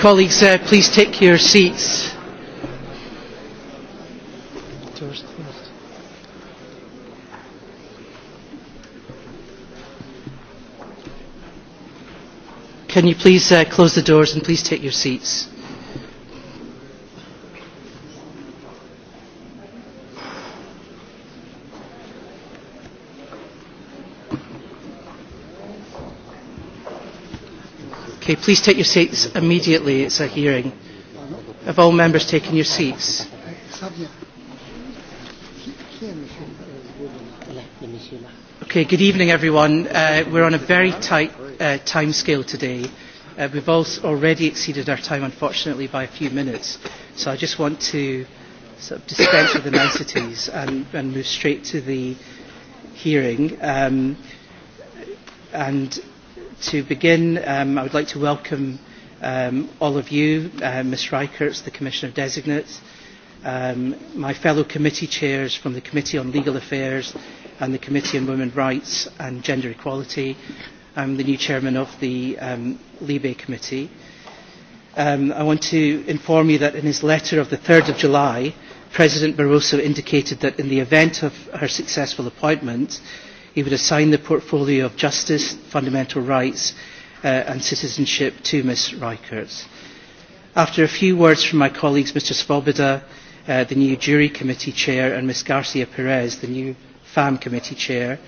Colleagues, uh, please take your seats. Doors closed. Can you please uh, close the doors and please take your seats? Okay, please take your seats immediately. It's a hearing. Have all members taken your seats? Okay, good evening everyone. Uh, we're on a very tight uh, time scale today. Uh, we've also already exceeded our time, unfortunately, by a few minutes. So I just want to sort of dispense with the niceties and, and move straight to the hearing. Um, and To begin, um, I would like to welcome um, all of you, uh, Ms Reichertz, the Commissioner Designate, um, my fellow committee chairs from the Committee on Legal Affairs and the Committee on Women's Rights and Gender Equality. I'm the new chairman of the um, Libe Committee. Um, I want to inform you that in his letter of the 3rd of July, President Barroso indicated that in the event of her successful appointment, uh, He would assign the portfolio of justice, fundamental rights uh, and citizenship to Ms Reichertz. After a few words from my colleagues, Mr Svoboda, uh, the new jury committee chair, and Ms Garcia Perez, the new FAM committee chair,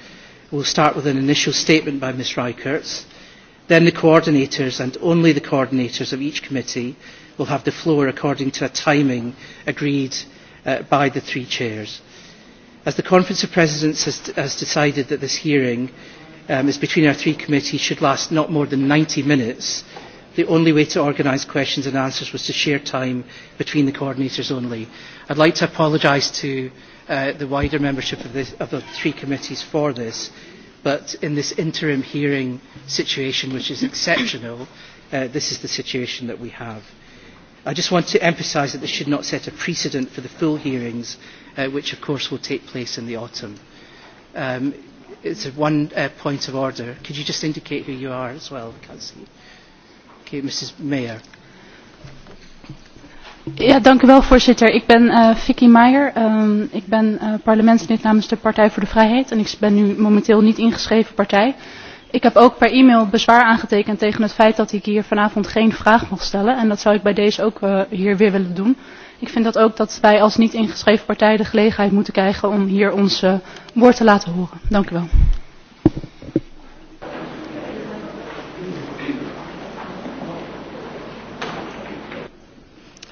will start with an initial statement by Ms Reichertz. Then the coordinators and only the coordinators of each committee will have the floor according to a timing agreed uh, by the three chairs as the Conference of Presidents has, has decided that this hearing um, is between our three committees should last not more than 90 minutes, the only way to organise questions and answers was to share time between the coordinators only. I'd like to apologise to uh, the wider membership of, this, of the three committees for this, but in this interim hearing situation, which is exceptional, uh, this is the situation that we have. I just want to emphasise that this should not set a precedent for the full hearings uh, which of course will take place in the autumn. Um, it's one uh, point of order. Could you just indicate who you are as well? I can't see. Okay, Mrs. Mayer. Ja, dank u wel, voorzitter. Ik ben uh, Vicky Meijer. Um, ik ben uh, parlementslid namens de Partij voor de Vrijheid en ik ben nu momenteel niet ingeschreven partij. Ik heb ook per e-mail bezwaar aangetekend tegen het feit dat ik hier vanavond geen vraag mag stellen en dat zou ik bij deze ook uh, hier weer willen doen ik vind dat ook dat wij als niet ingeschreven partij de gelegenheid moeten krijgen om hier ons uh, woord te laten horen. Dank u wel.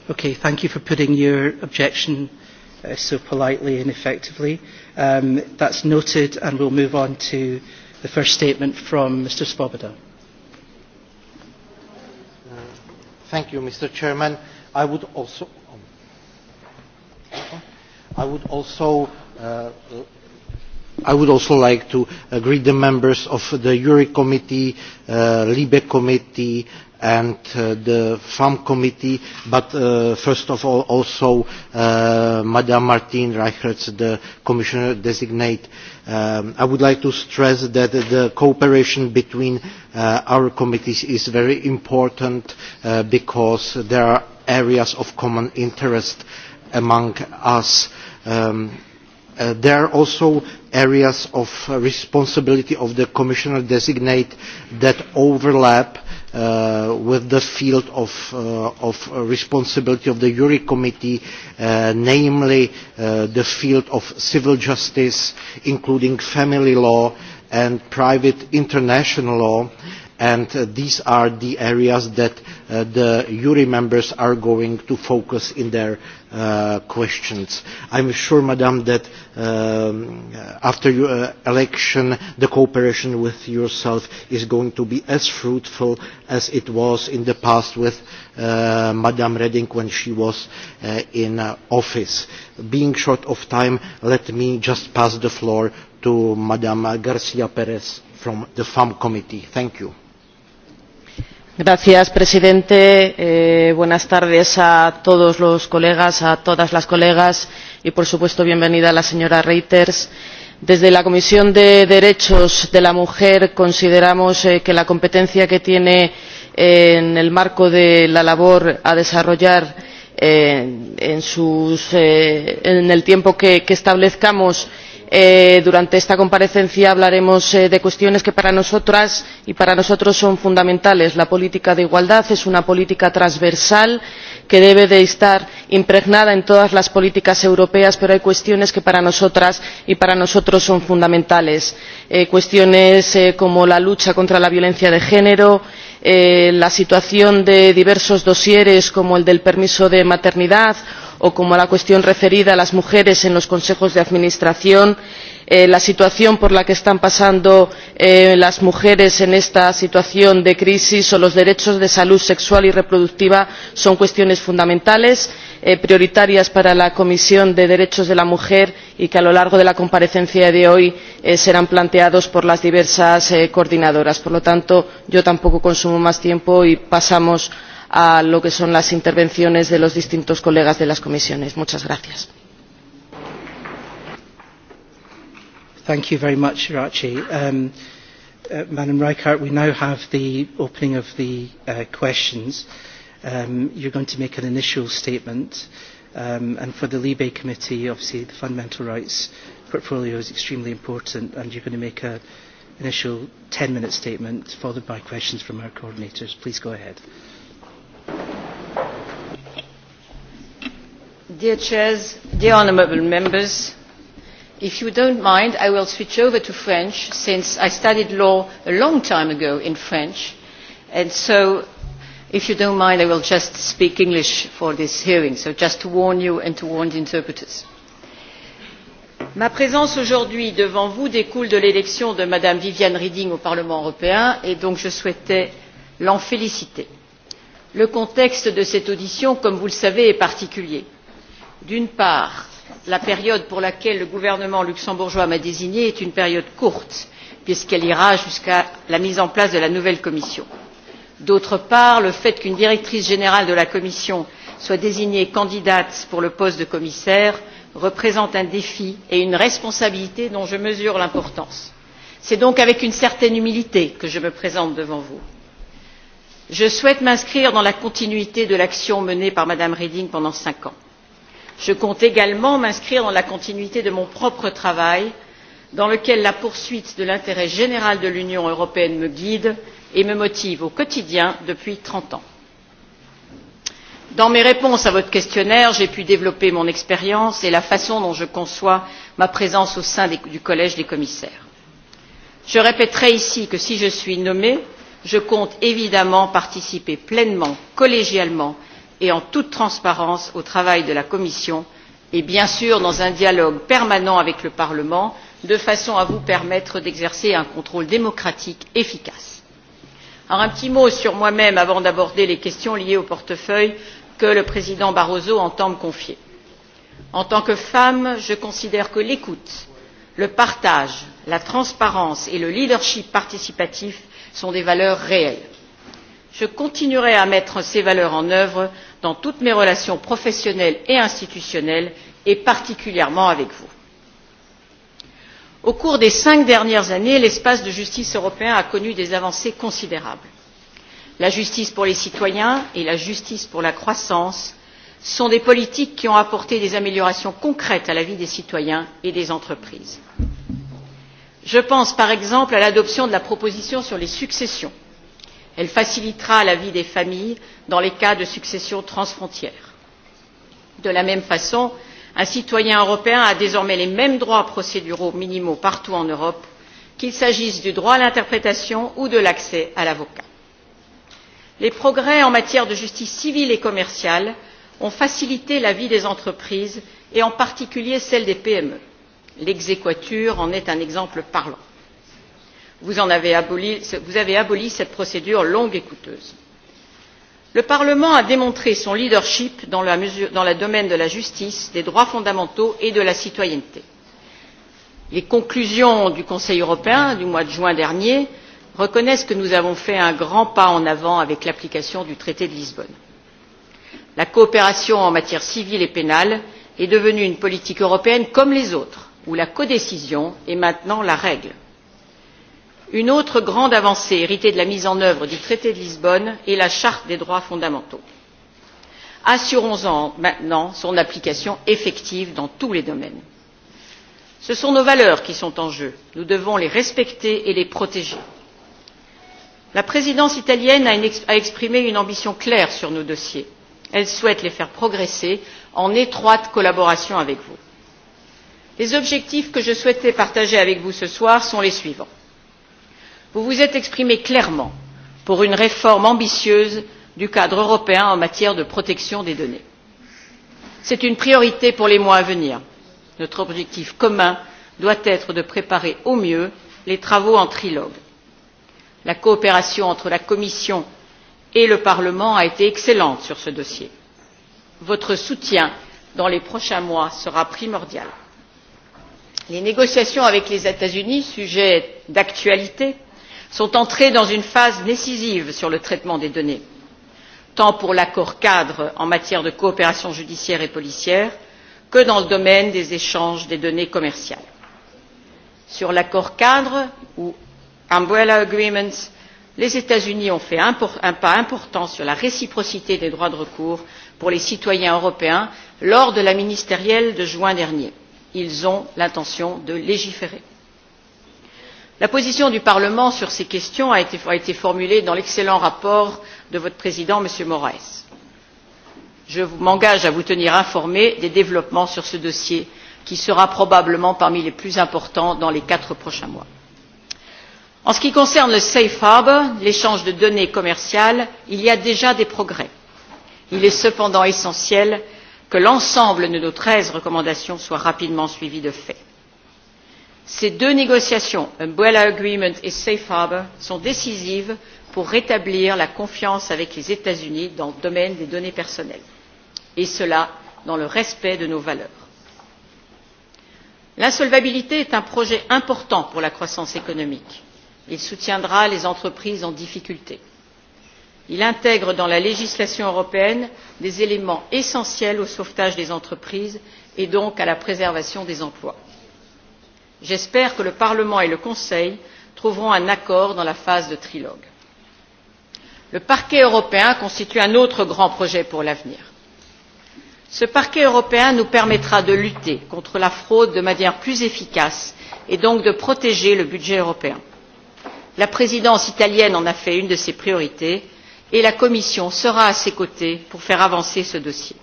Okay, thank you for putting your objection uh, so politely and effectively. Um, that's noted and we'll move on to the first statement from Mr Svoboda. Uh, thank you, Mr Chairman. I would also I would also uh, I would also like to uh, greet the members of the URI committee, uh, LIBE committee, and uh, the FAM committee, but uh, first of all also uh, Madame Martine Reichertz, the commissioner designate. Um, I would like to stress that the cooperation between uh, our committees is very important uh, because there are areas of common interest uh, among us. Um, uh, there are also areas of uh, responsibility of the commissioner designate that overlap uh, with the field of, uh, of responsibility of the Jury Committee, uh, namely uh, the field of civil justice, including family law and private international law. Uh, and uh, these are the areas that uh, the URI members are going to focus in their uh, questions. I'm sure, Madam, that um, after your uh, election, the cooperation with yourself is going to be as fruitful as it was in the past with uh, Madam Redding when she was uh, in uh, office. Being short of time, let me just pass the floor to Madam Garcia Perez from the FAM committee. Thank you señor presidente eh, buenas tardes a todos los colegas a todas las colegas y por supuesto bienvenida la señora reyters. desde la comisión de derechos de la mujer consideramos eh, que la competencia que tiene eh, en el marco de la labor a desarrollar eh, en, sus, eh, en el tiempo que, que establezcamos es Eh, durante esta comparecencia hablaremos eh, de cuestiones que para nosotras y para nosotros son fundamentales la política de igualdad es una política transversal que debe de estar impregnada en todas las políticas europeas pero hay cuestiones que para nosotras y para nosotros son fundamentales eh, cuestiones eh, como la lucha contra la violencia de género eh, la situación de diversos dosieres como el del permiso de maternidad o o como la cuestión referida a las mujeres en los consejos de administración eh, la situación por la que están pasando eh, las mujeres en esta situación de crisis o los derechos de salud sexual y reproductiva son cuestiones fundamentales eh, prioritarias para la comisión de derechos de la mujer y que a lo largo de la comparecencia de hoy eh, serán planteados por las diversas eh, coordinadoras. por lo tanto yo tampoco consumo más tiempo y pasamos a a lo que son las intervenciones de los distintos colegas de las comisiones. Muchas gracias. Thank you very much, Rachi. Um, uh, Madam Reichert, we now have the opening of the uh, questions. Um, you're going to make an initial statement. Um, and for the Libe Committee, obviously, the fundamental rights portfolio is extremely important, and you're going to make an initial 10-minute statement followed by questions from our coordinators. Please go ahead. Uh, Dear chairs, dear honourable members, if you don't mind, I will switch over to French since I studied law a long time ago in French. And so, if you don't mind, I will just speak English for this hearing. So just to warn you and to warn the interpreters. Ma présence aujourd'hui devant vous découle de l'élection de Madame Viviane Reding au Parlement européen et donc je souhaitais l'en féliciter. Le contexte de cette audition, comme vous le savez, est particulier d'une part la période pour laquelle le gouvernement luxembourgeois m'a désignée est une période courte puisqu'elle ira jusqu'à la mise en place de la nouvelle commission. d'autre part le fait qu'une directrice générale de la commission soit désignée candidate pour le poste de commissaire représente un défi et une responsabilité dont je mesure l'importance. c'est donc avec une certaine humilité que je me présente devant vous. je souhaite m'inscrire dans la continuité de l'action menée par mme reding pendant cinq ans je compte également m'inscrire dans la continuité de mon propre travail dans lequel la poursuite de l'intérêt général de l'union européenne me guide et me motive au quotidien depuis trente ans. dans mes réponses à votre questionnaire j'ai pu développer mon expérience et la façon dont je conçois ma présence au sein des, du collège des commissaires. je répéterai ici que si je suis nommée je compte évidemment participer pleinement collégialement et en toute transparence au travail de la commission et bien sûr dans un dialogue permanent avec le parlement de façon à vous permettre d'exercer un contrôle démocratique efficace. Alors, un petit mot sur moi même avant d'aborder les questions liées au portefeuille que le président barroso entend me confier. en tant que femme je considère que l'écoute le partage la transparence et le leadership participatif sont des valeurs réelles je continuerai à mettre ces valeurs en œuvre dans toutes mes relations professionnelles et institutionnelles et particulièrement avec vous. au cours des cinq dernières années l'espace de justice européen a connu des avancées considérables. la justice pour les citoyens et la justice pour la croissance sont des politiques qui ont apporté des améliorations concrètes à la vie des citoyens et des entreprises. je pense par exemple à l'adoption de la proposition sur les successions elle facilitera la vie des familles dans les cas de successions transfrontières. de la même façon un citoyen européen a désormais les mêmes droits procéduraux minimaux partout en europe qu'il s'agisse du droit à l'interprétation ou de l'accès à l'avocat. les progrès en matière de justice civile et commerciale ont facilité la vie des entreprises et en particulier celle des pme l'exequatur en est un exemple parlant vous avez, aboli, vous avez aboli cette procédure longue et coûteuse. le parlement a démontré son leadership dans, la mesure, dans le domaine de la justice des droits fondamentaux et de la citoyenneté. les conclusions du conseil européen du mois de juin dernier reconnaissent que nous avons fait un grand pas en avant avec l'application du traité de lisbonne. la coopération en matière civile et pénale est devenue une politique européenne comme les autres où la codécision est maintenant la règle une autre grande avancée héritée de la mise en œuvre du traité de lisbonne est la charte des droits fondamentaux. assurons en maintenant son application effective dans tous les domaines. ce sont nos valeurs qui sont en jeu nous devons les respecter et les protéger. la présidence italienne a exprimé une ambition claire sur nos dossiers elle souhaite les faire progresser en étroite collaboration avec vous. les objectifs que je souhaitais partager avec vous ce soir sont les suivants vous vous êtes exprimé clairement pour une réforme ambitieuse du cadre européen en matière de protection des données. c'est une priorité pour les mois à venir. notre objectif commun doit être de préparer au mieux les travaux en trilogue. la coopération entre la commission et le parlement a été excellente sur ce dossier. votre soutien dans les prochains mois sera primordial. les négociations avec les états unis sujet d'actualité sont entrés dans une phase décisive sur le traitement des données tant pour l'accord cadre en matière de coopération judiciaire et policière que dans le domaine des échanges des données commerciales. sur l'accord cadre ou umbrella agreements les états unis ont fait un pas important sur la réciprocité des droits de recours pour les citoyens européens lors de la ministérielle de juin dernier. ils ont l'intention de légiférer la position du parlement sur ces questions a été, a été formulée dans l'excellent rapport de votre président m. moraes. je m'engage à vous tenir informé des développements sur ce dossier qui sera probablement parmi les plus importants dans les quatre prochains mois. en ce qui concerne le safe harbour l'échange de données commerciales il y a déjà des progrès. il est cependant essentiel que l'ensemble de nos treize recommandations soit rapidement suivi de faits ces deux négociations umbrella agreement et safe harbour sont décisives pour rétablir la confiance avec les états unis dans le domaine des données personnelles et cela dans le respect de nos valeurs. l'insolvabilité est un projet important pour la croissance économique. il soutiendra les entreprises en difficulté. il intègre dans la législation européenne des éléments essentiels au sauvetage des entreprises et donc à la préservation des emplois j'espère que le parlement et le conseil trouveront un accord dans la phase de trilogue. le parquet européen constitue un autre grand projet pour l'avenir. ce parquet européen nous permettra de lutter contre la fraude de manière plus efficace et donc de protéger le budget européen. la présidence italienne en a fait une de ses priorités et la commission sera à ses côtés pour faire avancer ce dossier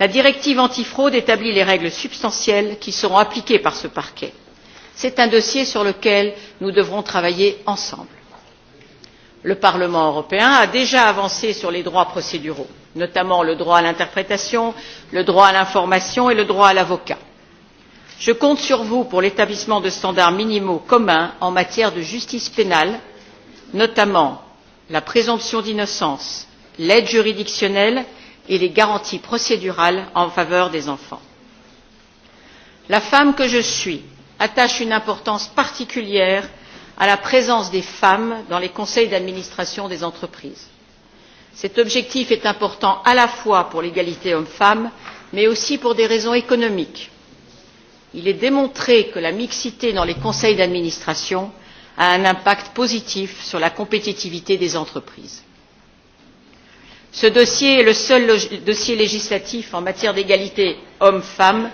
la directive antifraude établit les règles substantielles qui seront appliquées par ce parquet. c'est un dossier sur lequel nous devrons travailler ensemble. le parlement européen a déjà avancé sur les droits procéduraux notamment le droit à l'interprétation le droit à l'information et le droit à l'avocat. je compte sur vous pour l'établissement de standards minimaux communs en matière de justice pénale notamment la présomption d'innocence l'aide juridictionnelle et les garanties procédurales en faveur des enfants. la femme que je suis attache une importance particulière à la présence des femmes dans les conseils d'administration des entreprises. cet objectif est important à la fois pour l'égalité hommes femmes mais aussi pour des raisons économiques. il est démontré que la mixité dans les conseils d'administration a un impact positif sur la compétitivité des entreprises ce dossier est le seul dossier législatif en matière d'égalité hommes femmes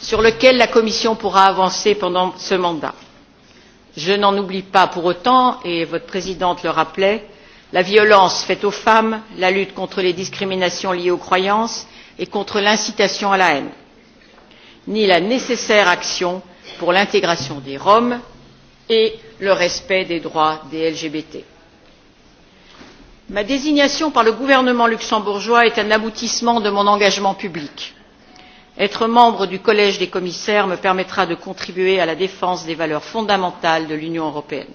sur lequel la commission pourra avancer pendant ce mandat. je n'en oublie pas pour autant et votre présidente le rappelait la violence faite aux femmes la lutte contre les discriminations liées aux croyances et contre l'incitation à la haine ni la nécessaire action pour l'intégration des roms et le respect des droits des lgbt ma désignation par le gouvernement luxembourgeois est un aboutissement de mon engagement public. être membre du collège des commissaires me permettra de contribuer à la défense des valeurs fondamentales de l'union européenne.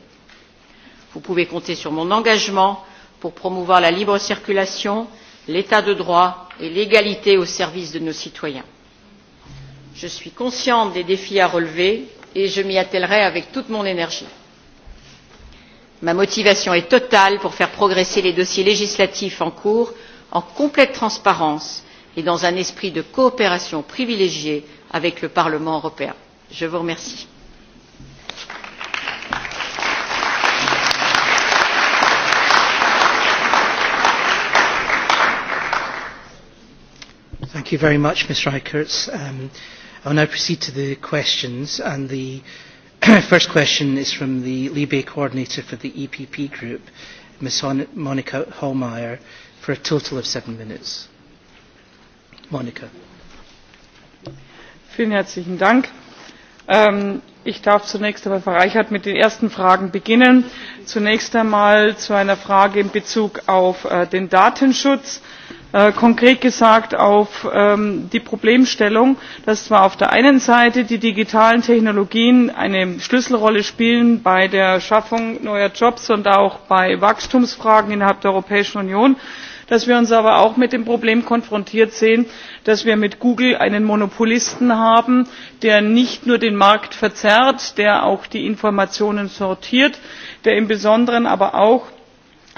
vous pouvez compter sur mon engagement pour promouvoir la libre circulation l'état de droit et l'égalité au service de nos citoyens. je suis consciente des défis à relever et je m'y attellerai avec toute mon énergie ma motivation est totale pour faire progresser les dossiers législatifs en cours en complète transparence et dans un esprit de coopération privilégiée avec le parlement européen. je vous remercie. Thank you very much, Ms. Reichertz. Um, I'll now proceed to the questions and the uh, First question is from the Libe coordinator for the EPP group, Ms. Hon Monica Hallmeyer, for a total of seven minutes. Monica. Vielen herzlichen Dank. Ähm, ich darf zunächst einmal, Frau Reichert, mit den ersten Fragen beginnen. Zunächst einmal zu einer Frage in Bezug auf äh, den Datenschutz. Äh, Äh, konkret gesagt auf ähm, die problemstellung dass zwar auf der einen seite die digitalen technologien eine schlüsselrolle spielen bei der schaffung neuer jobs und auch bei wachstumsfragen innerhalb der europäischen union dass wir uns aber auch mit dem problem konfrontiert sehen dass wir mit google einen monopolisten haben der nicht nur den markt verzerrt der auch die informationen sortiert der im besonderen aber auch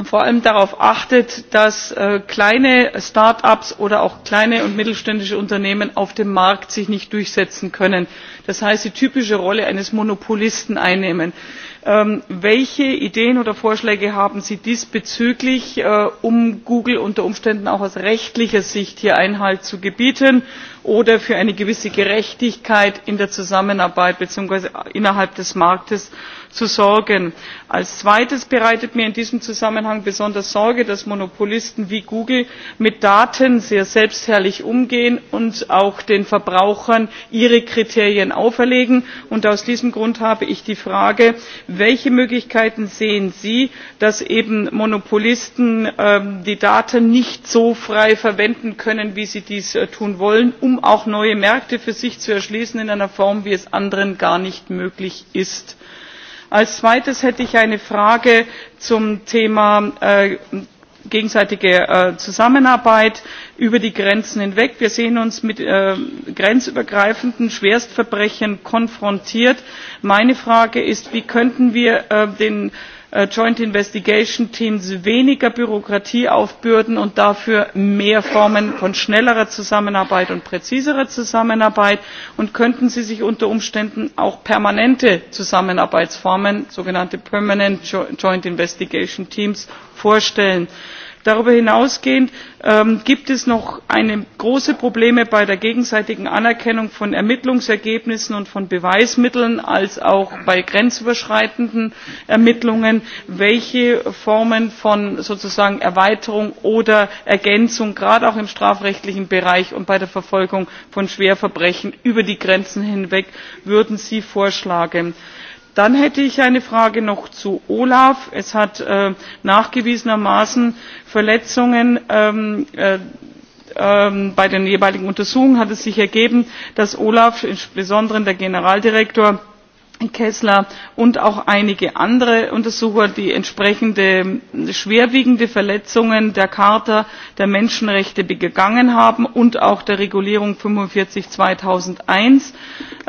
vor allem darauf achtet dass äh, kleine start ups oder auch kleine und mittelständische unternehmen sich auf dem markt sich nicht durchsetzen können das heißt die typische rolle eines monopolisten einnehmen. Ähm, welche ideen oder vorschläge haben sie diesbezüglich äh, um google unter umständen auch aus rechtlicher sicht hier einhalt zu gebieten oder für eine gewisse gerechtigkeit in der zusammenarbeit beziehungsweise innerhalb des marktes zu sorgen. als zweites bereitet mir in diesem zusammenhang besonders sorge dass monopolisten wie google mit daten sehr selbstherrlich umgehen und auch den verbrauchern ihre kriterien auferlegen. und aus diesem grund habe ich die frage welche möglichkeiten sehen sie dass eben monopolisten ähm, die daten nicht so frei verwenden können wie sie dies äh, tun wollen um auch neue märkte für sich zu erschließen in einer form wie es anderen gar nicht möglich ist? als zweites hätte ich eine frage zum thema äh, gegenseitige äh, zusammenarbeit über die grenzen hinweg. wir sehen uns mit äh, grenzübergreifenden schwerstverbrechen konfrontiert. meine frage ist wie könnten wir äh, den Äh, joint investigation teams weniger bürokratie aufbürden und dafür mehr formen von schnellerer zusammenarbeit und präziserer zusammenarbeit und könnten sie sich unter umständen auch permanente zusammenarbeitsformen sogenannte permanent joint investigation teams vorstellen? darüber hinausgehend ähm, gibt es noch große probleme bei der gegenseitigen anerkennung von ermittlungsergebnissen und von beweismitteln als auch bei grenzüberschreitenden ermittlungen welche formen von sozusagen erweiterung oder ergänzung gerade auch im strafrechtlichen bereich und bei der verfolgung von schwerverbrechen über die grenzen hinweg würden sie vorschlagen? dann hätte ich eine frage noch zu olaf es hat äh, nachgewiesenermaßen verletzungen ähm, äh, ähm, bei den jeweiligen untersuchungen hat es sich ergeben dass olaf insbesondere der generaldirektor Kessler und auch einige andere Untersucher, die entsprechende schwerwiegende Verletzungen der Charta der Menschenrechte begangen haben und auch der Regulierung 45 2001,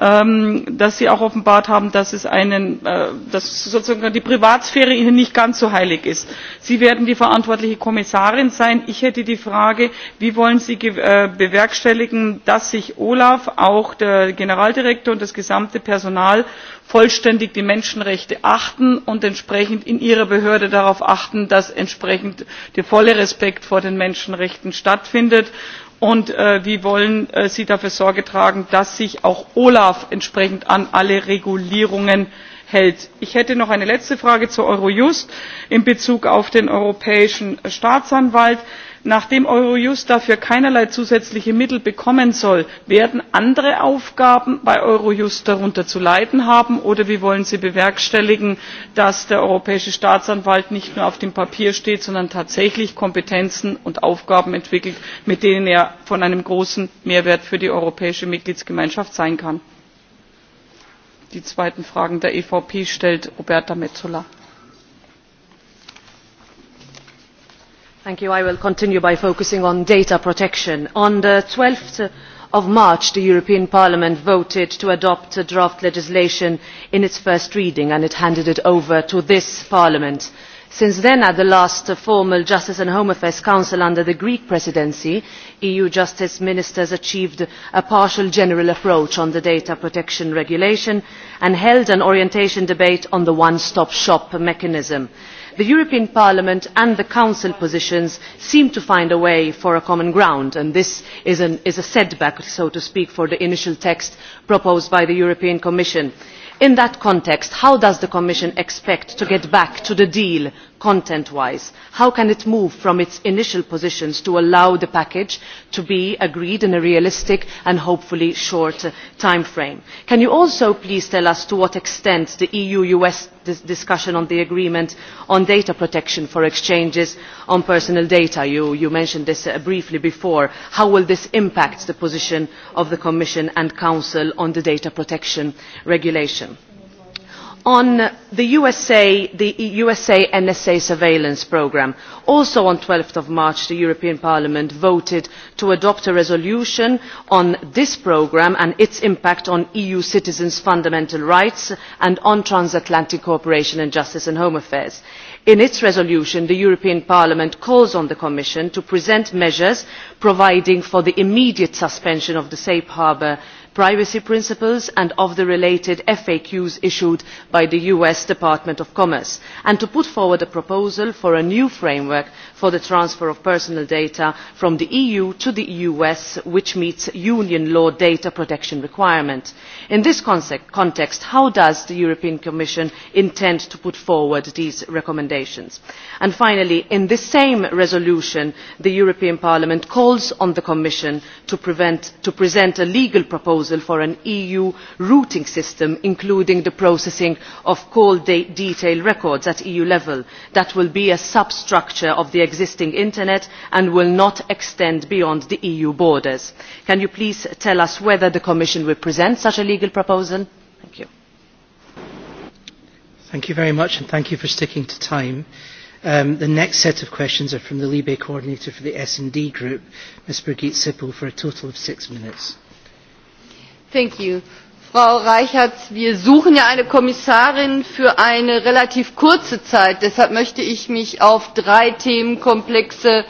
ähm, dass sie auch offenbart haben, dass es einen, äh, dass sozusagen die Privatsphäre ihnen nicht ganz so heilig ist. Sie werden die verantwortliche Kommissarin sein. Ich hätte die Frage, wie wollen Sie äh, bewerkstelligen, dass sich Olaf, auch der Generaldirektor und das gesamte Personal vollständig die menschenrechte achten und entsprechend in ihrer behörde darauf achten dass entsprechend der volle respekt vor den menschenrechten stattfindet und äh, die wollen äh, sie dafür sorge tragen dass sich auch olaf entsprechend an alle regulierungen hält. ich hätte noch eine letzte frage zu eurojust in bezug auf den europäischen staatsanwalt nachdem eurojust dafür keinerlei zusätzliche mittel bekommen soll werden andere aufgaben bei eurojust darunter zu leiden haben oder wie wollen sie bewerkstelligen dass der europäische staatsanwalt nicht nur auf dem papier steht sondern tatsächlich kompetenzen und aufgaben entwickelt mit denen er von einem großen mehrwert für die europäische mitgliedsgemeinschaft sein kann? die zweiten fragen der evp stellt roberta metsola. i will continue by focusing on data protection. on twelve march the european parliament voted to adopt draft legislation in its first reading and it handed it over to this parliament. since then at the last formal justice and home affairs council under the greek presidency eu justice ministers achieved a partial general approach on the data protection regulation and held an orientation debate on the one stop shop mechanism the european parliament and the council positions seem to find a way for common ground and this is, an, is a setback so to speak for the initial text proposed by the european commission. in that context how does the commission expect to get back to the deal content wise how can it move from its initial positions to allow the package to be agreed in a realistic and hopefully short uh, time frame? can you also please tell us to what extent the eu us dis discussion on the agreement on data protection for exchanges on personal data you, you mentioned this uh, briefly before how will this impact the position of the commission and council on the data protection regulation? on the USA, the USA NSA surveillance programme. Also on 12th of March, the European Parliament voted to adopt a resolution on this programme and its impact on EU citizens' fundamental rights and on transatlantic cooperation in justice and home affairs. In its resolution, the European Parliament calls on the Commission to present measures providing for the immediate suspension of the safe harbour privacy principles and of the related faqs issued by the us department of commerce and to put forward a proposal for a new framework for the transfer of personal data from the eu to the us which meets union law data protection requirements. in this context how does the european commission intend to put forward these recommendations? And finally in this same resolution the european parliament calls on the commission to, prevent, to present a legal proposal for an eu routing system including the processing of call de detail records at eu level that will be a substructure of the existing internet and will not extend beyond the eu borders. can you please tell us whether the commission will present such a legal proposal? thank you. thank you very much and thank you for sticking to time. Um, the next set of questions are from the Libe coordinator for the S&D group, Ms Brigitte Sippel, for a total of six minutes. Thank you frau reicherts wir suchen ja eine kommissarin für eine relativ kurze zeit deshalb möchte ich mich auf drei themenkomplexe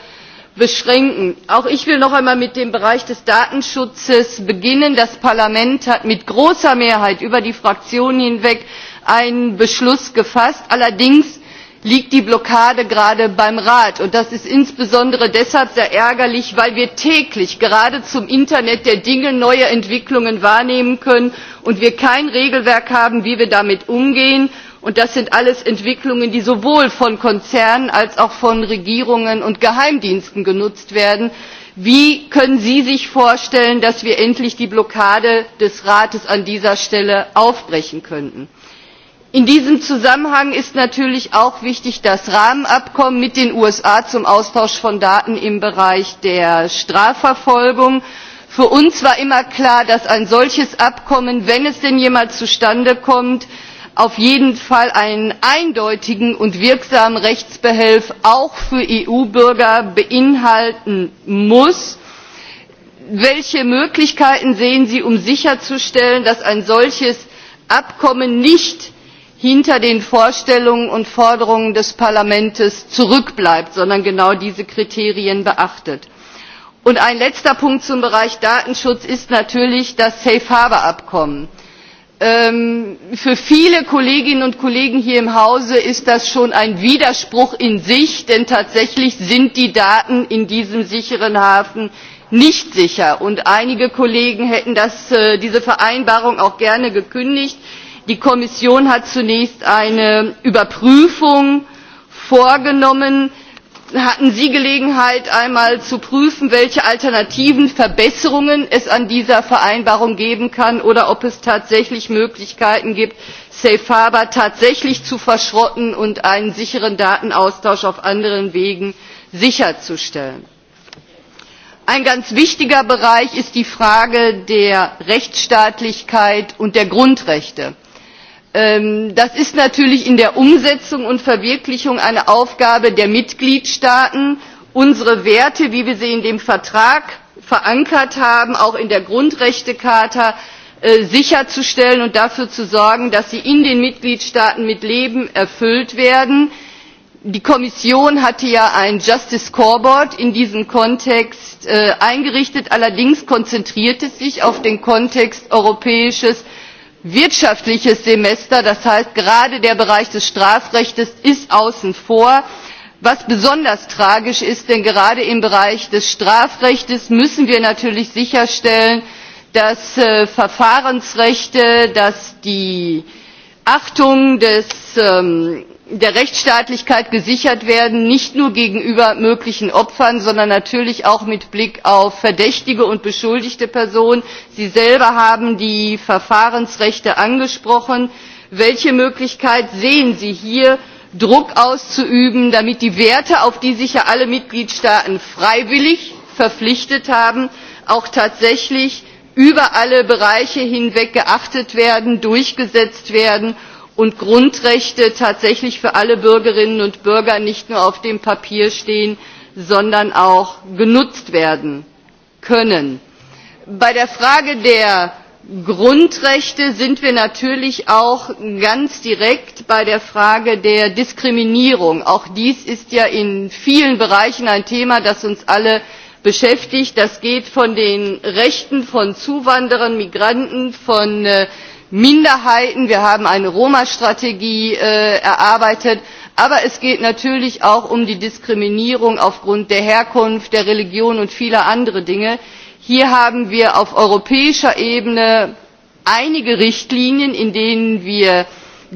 beschränken. auch ich will noch einmal mit dem bereich des datenschutzes beginnen. das parlament hat mit großer mehrheit über die fraktionen hinweg einen beschluss gefasst allerdings liegt die blockade gerade beim rat und das ist insbesondere deshalb sehr ärgerlich weil wir täglich gerade zum internet der dinge neue entwicklungen wahrnehmen können und wir kein regelwerk haben wie wir damit umgehen und das sind alles entwicklungen die sowohl von konzernen als auch von regierungen und geheimdiensten genutzt werden. wie können sie sich vorstellen dass wir endlich die blockade des rates an dieser stelle aufbrechen könnten? in diesem zusammenhang ist natürlich auch wichtig das rahmenabkommen mit den usa zum austausch von daten im bereich der strafverfolgung. für uns war immer klar dass ein solches abkommen wenn es denn jemals zustande kommt auf jeden fall einen eindeutigen und wirksamen rechtsbehelf auch für eu bürger beinhalten muss. welche möglichkeiten sehen sie um sicherzustellen dass ein solches abkommen nicht hinter den vorstellungen und forderungen des parlaments zurückbleibt sondern genau diese kriterien beachtet. und ein letzter punkt zum bereich datenschutz ist natürlich das safe harbour abkommen. Ähm, für viele kolleginnen und kollegen hier im hause ist das schon ein widerspruch in sich denn tatsächlich sind die daten in diesem sicheren hafen nicht sicher und einige kollegen hätten das, äh, diese vereinbarung auch gerne gekündigt die kommission hat zunächst eine überprüfung vorgenommen. hatten sie gelegenheit einmal zu prüfen welche alternativen verbesserungen es an dieser vereinbarung geben kann oder ob es tatsächlich möglichkeiten gibt safe harbour tatsächlich zu verschrotten und einen sicheren datenaustausch auf anderen wegen sicherzustellen? ein ganz wichtiger bereich ist die frage der rechtsstaatlichkeit und der grundrechte. Ähm, das ist natürlich in der umsetzung und verwirklichung eine aufgabe der mitgliedstaaten unsere werte wie wir sie in dem vertrag verankert haben auch in der grundrechtecharta äh, sicherzustellen und dafür zu sorgen dass sie in den mitgliedstaaten mit leben erfüllt werden. die kommission hatte ja ein justice scoreboard in diesem kontext äh, eingerichtet allerdings konzentriert es sich auf den kontext europäisches wirtschaftliches semester das heißt gerade der bereich des strafrechts ist außen vor was besonders tragisch ist denn gerade im bereich des strafrechts müssen wir natürlich sicherstellen dass äh, verfahrensrechte dass die achtung des ähm, der rechtsstaatlichkeit gesichert werden nicht nur gegenüber möglichen opfern sondern natürlich auch mit blick auf verdächtige und beschuldigte personen. sie selber haben die verfahrensrechte angesprochen. welche möglichkeit sehen sie hier druck auszuüben damit die werte auf die sich ja alle mitgliedstaaten freiwillig verpflichtet haben auch tatsächlich über alle bereiche hinweg geachtet werden durchgesetzt werden und grundrechte tatsächlich für alle bürgerinnen und bürger nicht nur auf dem papier stehen sondern auch genutzt werden können. bei der frage der grundrechte sind wir natürlich auch ganz direkt bei der frage der diskriminierung. auch dies ist ja in vielen bereichen ein thema das uns alle beschäftigt. das geht von den rechten von zuwanderern migranten von äh, minderheiten wir haben eine roma strategie äh, erarbeitet aber es geht natürlich auch um die diskriminierung aufgrund der herkunft der religion und vieler anderer dinge. hier haben wir auf europäischer ebene einige richtlinien in denen wir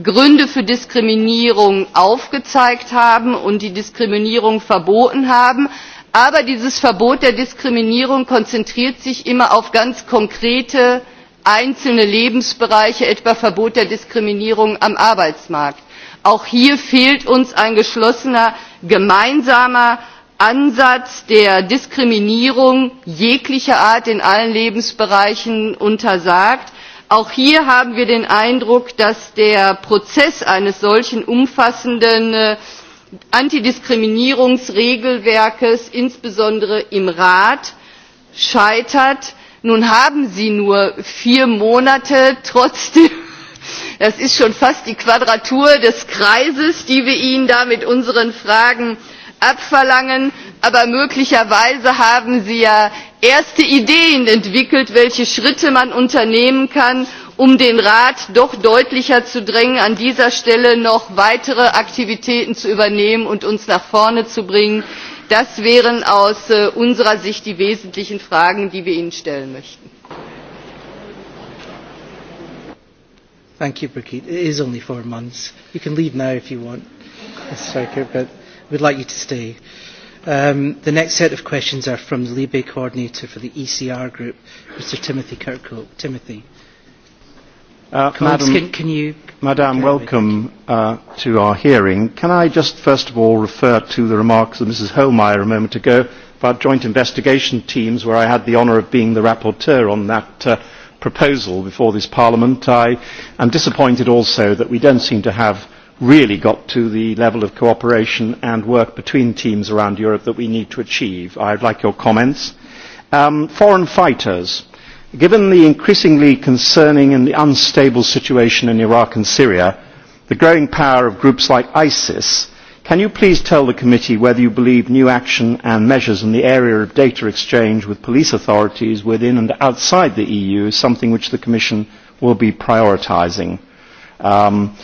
gründe für diskriminierung aufgezeigt haben und die diskriminierung verboten haben aber dieses verbot der diskriminierung konzentriert sich immer auf ganz konkrete einzelne lebensbereiche etwa verbot der diskriminierung am arbeitsmarkt. auch hier fehlt uns ein geschlossener gemeinsamer ansatz der diskriminierung jeglicher art in allen lebensbereichen untersagt. auch hier haben wir den eindruck dass der prozess eines solchen umfassenden äh, antidiskriminierungsregelwerkes insbesondere im rat scheitert nun haben sie nur vier monate trotzdem das ist schon fast die quadratur des kreises die wir ihnen da mit unseren fragen abverlangen aber möglicherweise haben sie ja erste ideen entwickelt welche schritte man unternehmen kann um den rat doch deutlicher zu drängen an dieser stelle noch weitere aktivitäten zu übernehmen und uns nach vorne zu bringen das wären aus äh, unserer sicht die wesentlichen fragen die wir ihnen stellen möchten. Thank you, Brigitte. It is only four months. You can leave now if you want, Ms. Stryker, but we'd like you to stay. Um, the next set of questions are from the Libe coordinator for the ECR group, Mr. Timothy Kirkhope. Timothy. Uh, Madam, can, can you Madam, welcome uh, to our hearing. Can I just first of all refer to the remarks of Mrs Holmeyer a moment ago about joint investigation teams where I had the honour of being the rapporteur on that uh, proposal before this Parliament. I am disappointed also that we don't seem to have really got to the level of cooperation and work between teams around Europe that we need to achieve. I'd like your comments. Um, foreign fighters. Given the increasingly concerning and unstable situation in Iraq and Syria, the growing power of groups like ISIS, can you please tell the committee whether you believe new action and measures in the area of data exchange with police authorities within and outside the EU is something which the Commission will be prioritising? Um,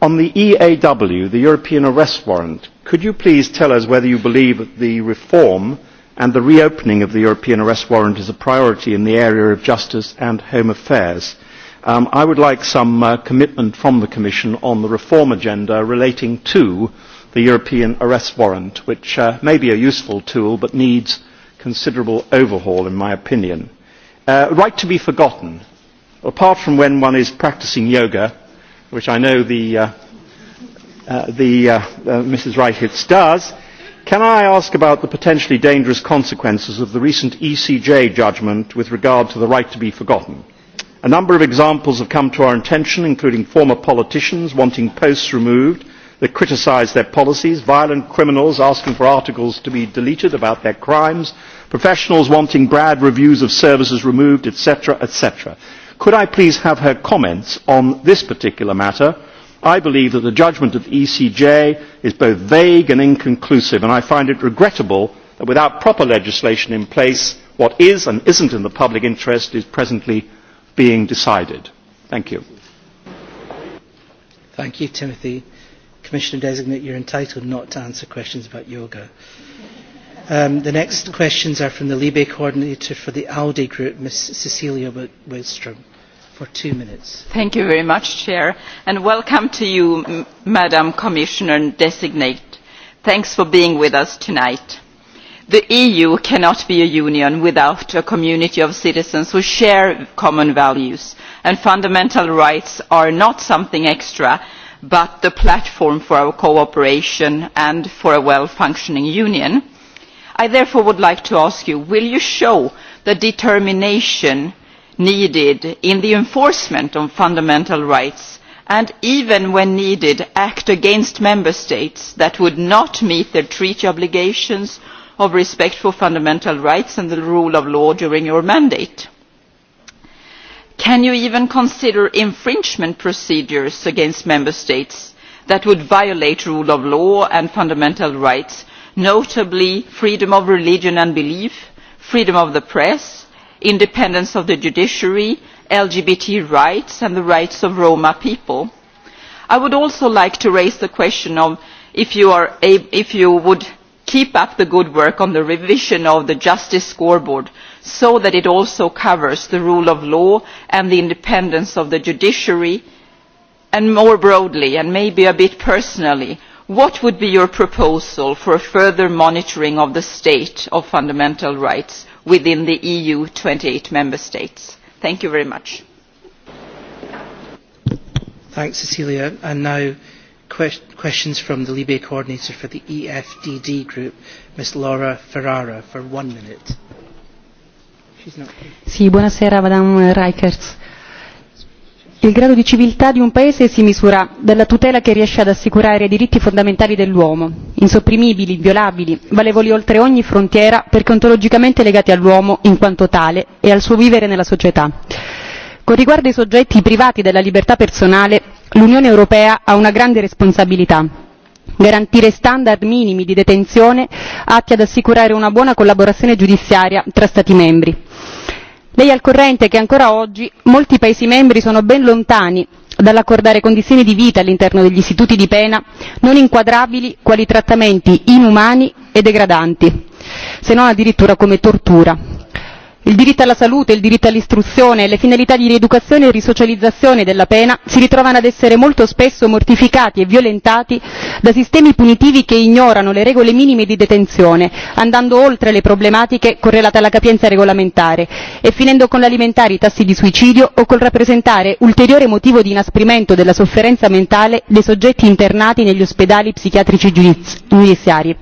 on the EAW, the European Arrest Warrant, could you please tell us whether you believe the reform and the reopening of the European arrest warrant is a priority in the area of justice and home affairs. Um, I would like some uh, commitment from the Commission on the reform agenda relating to the European arrest warrant, which uh, may be a useful tool but needs considerable overhaul, in my opinion. Uh, right to be forgotten. Apart from when one is practicing yoga, which I know the, uh, uh, the, uh, uh, Mrs. Reichitz does, uh, can i ask about the potentially dangerous consequences of the recent ecj judgment with regard to the right to be forgotten? a number of examples have come to our attention including former politicians wanting posts removed that criticise their policies violent criminals asking for articles to be deleted about their crimes professionals wanting bad reviews of services removed etc. etc. could i please have her comments on this particular matter? I believe that the judgment of the ECJ is both vague and inconclusive, and I find it regrettable that without proper legislation in place, what is and isn't in the public interest is presently being decided. Thank you. Thank you, Timothy. Commissioner designate, you're entitled not to answer questions about yoga. Um, the next questions are from the Libe coordinator for the ALDE group, Ms. Cecilia Wistrom. Much, Chair, and welcome to you, Madam Commissioner designate. Thanks for being with us tonight. The EU cannot be a union without a community of citizens who share common values, and fundamental rights are not something extra, but the platform for our cooperation and for a well-functioning union. I therefore would like to ask you, will you show the determination needed in the enforcement of fundamental rights and even when needed act against member states that would not meet their treaty obligations of respect for fundamental rights and the rule of law during your mandate? Can you even consider infringement procedures against member states that would violate rule of law and fundamental rights, notably freedom of religion and belief, freedom of the press, independence of the judiciary lgbt rights and the rights of roma people. i would also like to raise the question of if you, are, if you would keep up the good work on the revision of the justice scoreboard so that it also covers the rule of law and the independence of the judiciary and more broadly and maybe a bit personally what would be your proposal for further monitoring of the state of fundamental rights? within the eu twenty eight member states. thank you very much. Thanks, Cecilia. And now que questions from the Libe coordinator for the EFDD group, Ms. Laura Ferrara, for one minute. She's not here. Sì, buonasera, Madame Reichertz il grado di civiltà di un paese si misura dalla tutela che riesce ad assicurare i diritti fondamentali dell'uomo insopprimibili inviolabili valevoli oltre ogni frontiera perché ontologicamente legati all'uomo in quanto tale e al suo vivere nella società. con riguardo ai soggetti privati della libertà personale l'unione europea ha una grande responsabilità garantire standard minimi di detenzione atti ad assicurare una buona collaborazione giudiziaria tra stati membri lei è al corrente che ancora oggi molti paesi membri sono ben lontani dall'accordare condizioni di vita all'interno degli istituti di pena non inquadrabili quali trattamenti inumani e degradanti se non addirittura come tortura il diritto alla salute il diritto all'istruzione e le finalità di rieducazione e risocializzazione della pena si ritrovano ad essere molto spesso mortificati e violentati da sistemi punitivi che ignorano le regole minime di detenzione andando oltre le problematiche correlate alla capienza regolamentare e finendo con l'alimentare i tassi di suicidio o col rappresentare ulteriore motivo di inasprimento della sofferenza mentale dei soggetti internati negli ospedali psichiatrici giudiziari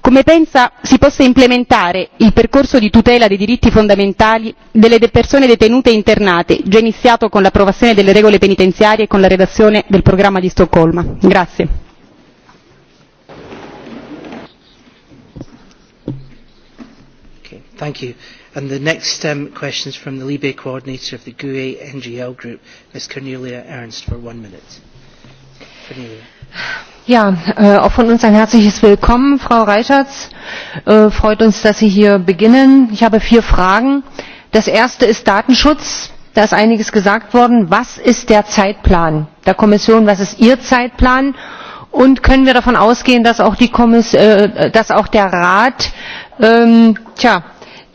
come pensa si possa implementare il percorso di tutela dei diritti fondamentali delle persone detenute e internate già iniziato con l'approvazione delle regole penitenziarie e con la redazione del programma di stoccolma? Thank you. And the next um, question is from the Libe coordinator of the GUE NGL group, Ms. Cornelia Ernst, for one minute. Cornelia. Ja, äh, auch von uns ein herzliches Willkommen, Frau Reichertz. Äh, freut uns, dass Sie hier beginnen. Ich habe vier Fragen. Das erste ist Datenschutz. Da ist einiges gesagt worden. Was ist der Zeitplan der Kommission? Was ist Ihr Zeitplan? Und können wir davon ausgehen, dass auch, die Kommiss äh, dass auch der Rat ähm, tja,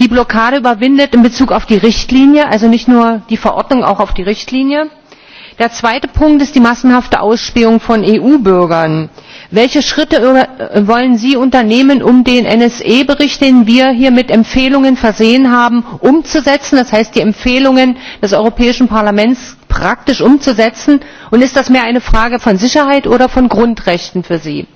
die Blockade überwindet in Bezug auf die Richtlinie, also nicht nur die Verordnung, auch auf die Richtlinie? der zweite punkt ist die massenhafte ausspähung von eu bürgern. welche schritte äh, wollen sie unternehmen um den nsa bericht den wir hier mit empfehlungen versehen haben umzusetzen das heißt die empfehlungen des europäischen parlaments praktisch umzusetzen und ist das mehr eine frage von sicherheit oder von grundrechten für sie?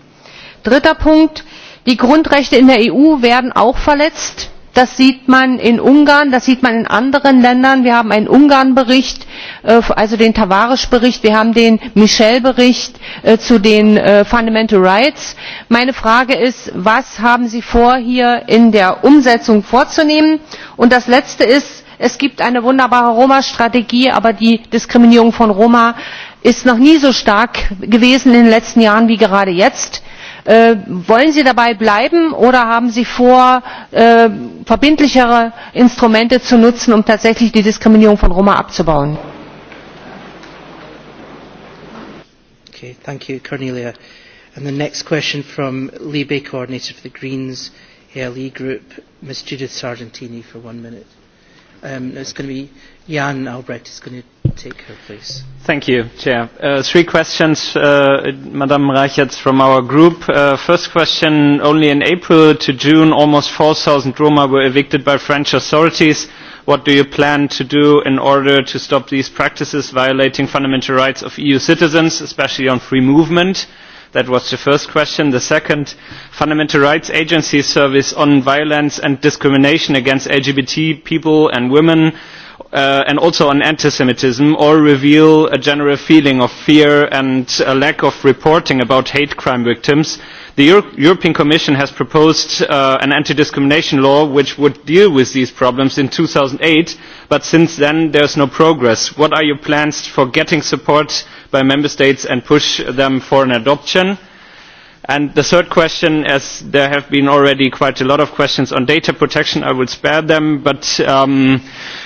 dritter punkt die grundrechte in der eu werden auch verletzt. Das sieht man in Ungarn, das sieht man in anderen Ländern. Wir haben einen Ungarn-Bericht, äh, also den Tavares-Bericht, wir haben den Michel-Bericht äh, zu den äh, Fundamental Rights. Meine Frage ist, was haben Sie vor, hier in der Umsetzung vorzunehmen? Und das Letzte ist, es gibt eine wunderbare Roma Strategie, aber die Diskriminierung von Roma ist noch nie so stark gewesen in den letzten Jahren wie gerade jetzt. Äh, wollen sie dabei bleiben oder haben sie vor äh, verbindlichere instrumente zu nutzen um tatsächlich die diskriminierung von roma abzubauen? Okay, thank you, Cornelia. And the next question from Libe coordinator for the Greens ALE group, Ms. Judith Sargentini, for one minute. Um, it's going to be Jan Albrecht is going to take her, please. Thank you, Chair. Uh, three questions, uh, Madam Reichertz, from our group. Uh, first question, only in April to June, almost 4,000 Roma were evicted by French authorities. What do you plan to do in order to stop these practices violating fundamental rights of EU citizens, especially on free movement? That was the first question. The second, Fundamental Rights Agency service on violence and discrimination against LGBT people and women uh, and also on anti-Semitism, or reveal a general feeling of fear and a lack of reporting about hate crime victims. The Euro European Commission has proposed uh, an anti-discrimination law which would deal with these problems in 2008, but since then there's no progress. What are your plans for getting support by member states and push them for an adoption? And the third question, as there have been already quite a lot of questions on data protection, I would spare them, but um,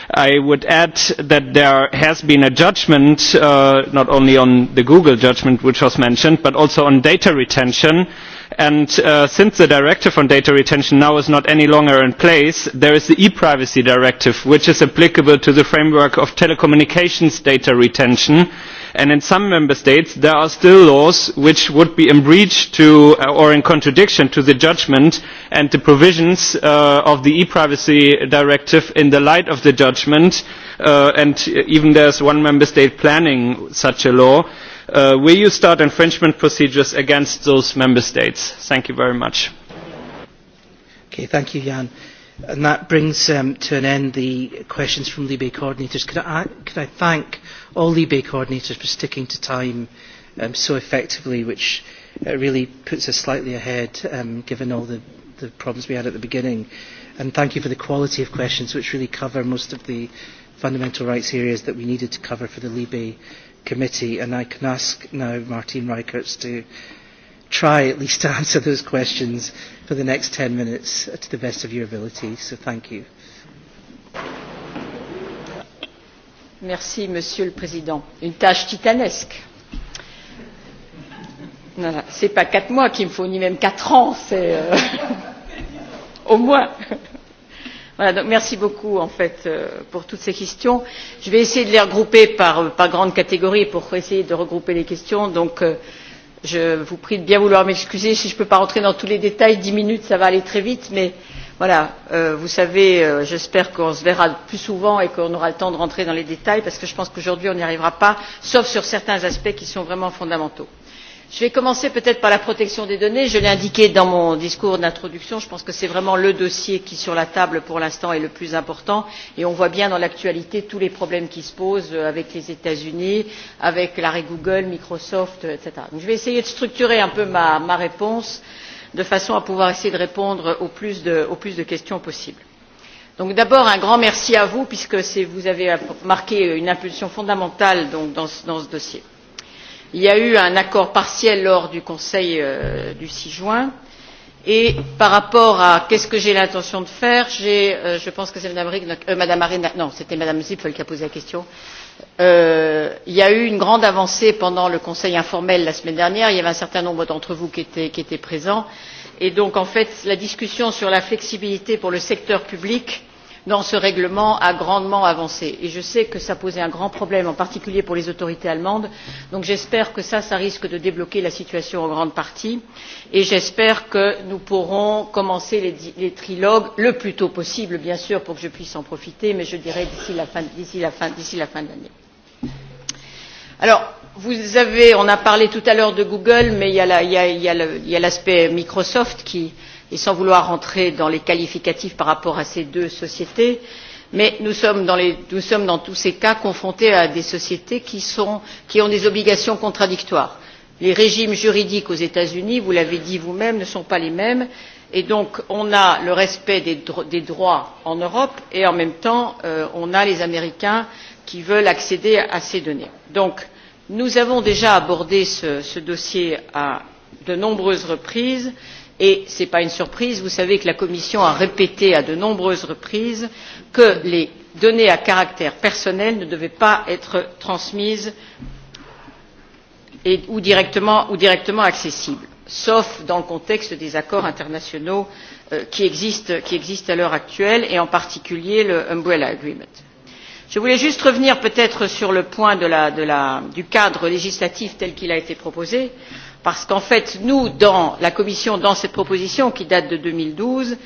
I would add that there has been a judgment, uh, not only on the Google judgment which was mentioned, but also on data retention, uh, And uh, since the directive on data retention now is not any longer in place, there is the e-privacy directive, which is applicable to the framework of telecommunications data retention. And in some member states, there are still laws which would be in breach to uh, or in contradiction to the judgment and the provisions uh, of the e-privacy directive in the light of the judgment. Uh, and even there's one member state planning such a law. Uh, uh, will you start infringement procedures against those member states? Thank you very much. Okay, thank you, Jan. And that brings um, to an end the questions from Libe coordinators. Could I, could I thank all Libe coordinators for sticking to time um, so effectively, which uh, really puts us slightly ahead um, given all the, the problems we had at the beginning. And thank you for the quality of questions, which really cover most of the fundamental rights areas that we needed to cover for the Libe committee, and I can ask now Martine Reichertz to try at least to answer those questions for the next 10 minutes to the best of your ability. So thank you. Merci, Monsieur le Président. Une tâche titanesque. Voilà. Ce n'est pas quatre mois qu'il me faut, ni même quatre ans, c'est euh, au moins. Voilà, donc merci beaucoup en fait euh, pour toutes ces questions. Je vais essayer de les regrouper par, euh, par grande catégorie pour essayer de regrouper les questions. Donc euh, je vous prie de bien vouloir m'excuser si je ne peux pas rentrer dans tous les détails. Dix minutes, ça va aller très vite, mais voilà, euh, vous savez, euh, j'espère qu'on se verra plus souvent et qu'on aura le temps de rentrer dans les détails parce que je pense qu'aujourd'hui on n'y arrivera pas, sauf sur certains aspects qui sont vraiment fondamentaux je vais commencer peut être par la protection des données je l'ai indiqué dans mon discours d'introduction je pense que c'est vraiment le dossier qui sur la table pour l'instant est le plus important et on voit bien dans l'actualité tous les problèmes qui se posent avec les états unis avec l'arrêt google microsoft etc. Donc, je vais essayer de structurer un peu ma, ma réponse de façon à pouvoir essayer de répondre au plus de, au plus de questions possible. Donc d'abord un grand merci à vous puisque vous avez marqué une impulsion fondamentale donc, dans, dans ce dossier il y a eu un accord partiel lors du conseil euh, du six juin et par rapport à qu'est ce que j'ai l'intention de faire j'ai euh, je pense que c'est madame Rignac, euh, madame Arena, non c'était madame Zippel qui a posé la question euh, il y a eu une grande avancée pendant le conseil informel la semaine dernière il y avait un certain nombre d'entre vous qui étaient, qui étaient présents et donc en fait la discussion sur la flexibilité pour le secteur public euh, dans ce règlement a grandement avancé et je sais que cela posait un grand problème en particulier pour les autorités allemandes donc j'espère que cela risque de débloquer la situation en grande partie et j'espère que nous pourrons commencer les, les trilogues le plus tôt possible bien sûr pour que je puisse en profiter mais je dirais d'ici la fin, la fin, la fin de l'année. Alors, vous avez, on a parlé tout à l'heure de Google, mais il y a l'aspect la, Microsoft qui, et sans vouloir entrer dans les qualificatifs par rapport à ces deux sociétés mais nous sommes dans, les, nous sommes dans tous ces cas confrontés à des sociétés qui, sont, qui ont des obligations contradictoires. les régimes juridiques aux états unis vous l'avez dit vous même ne sont pas les mêmes et donc on a le respect des, dro des droits en europe et en même temps euh, on a les américains qui veulent accéder à ces données. donc nous avons déjà abordé ce, ce dossier à de nombreuses reprises et et ce n'est pas une surprise vous savez que la commission a répété à de nombreuses reprises que les données à caractère personnel ne devaient pas être transmises et, ou, directement, ou directement accessibles sauf dans le contexte des accords internationaux euh, qui, existent, qui existent à l'heure actuelle et en particulier le umbrella agreement. je voulais juste revenir peut être sur le point de la, de la, du cadre législatif tel qu'il a été proposé parce qu'en fait nous dans la commission dans cette proposition qui date de deux mille douze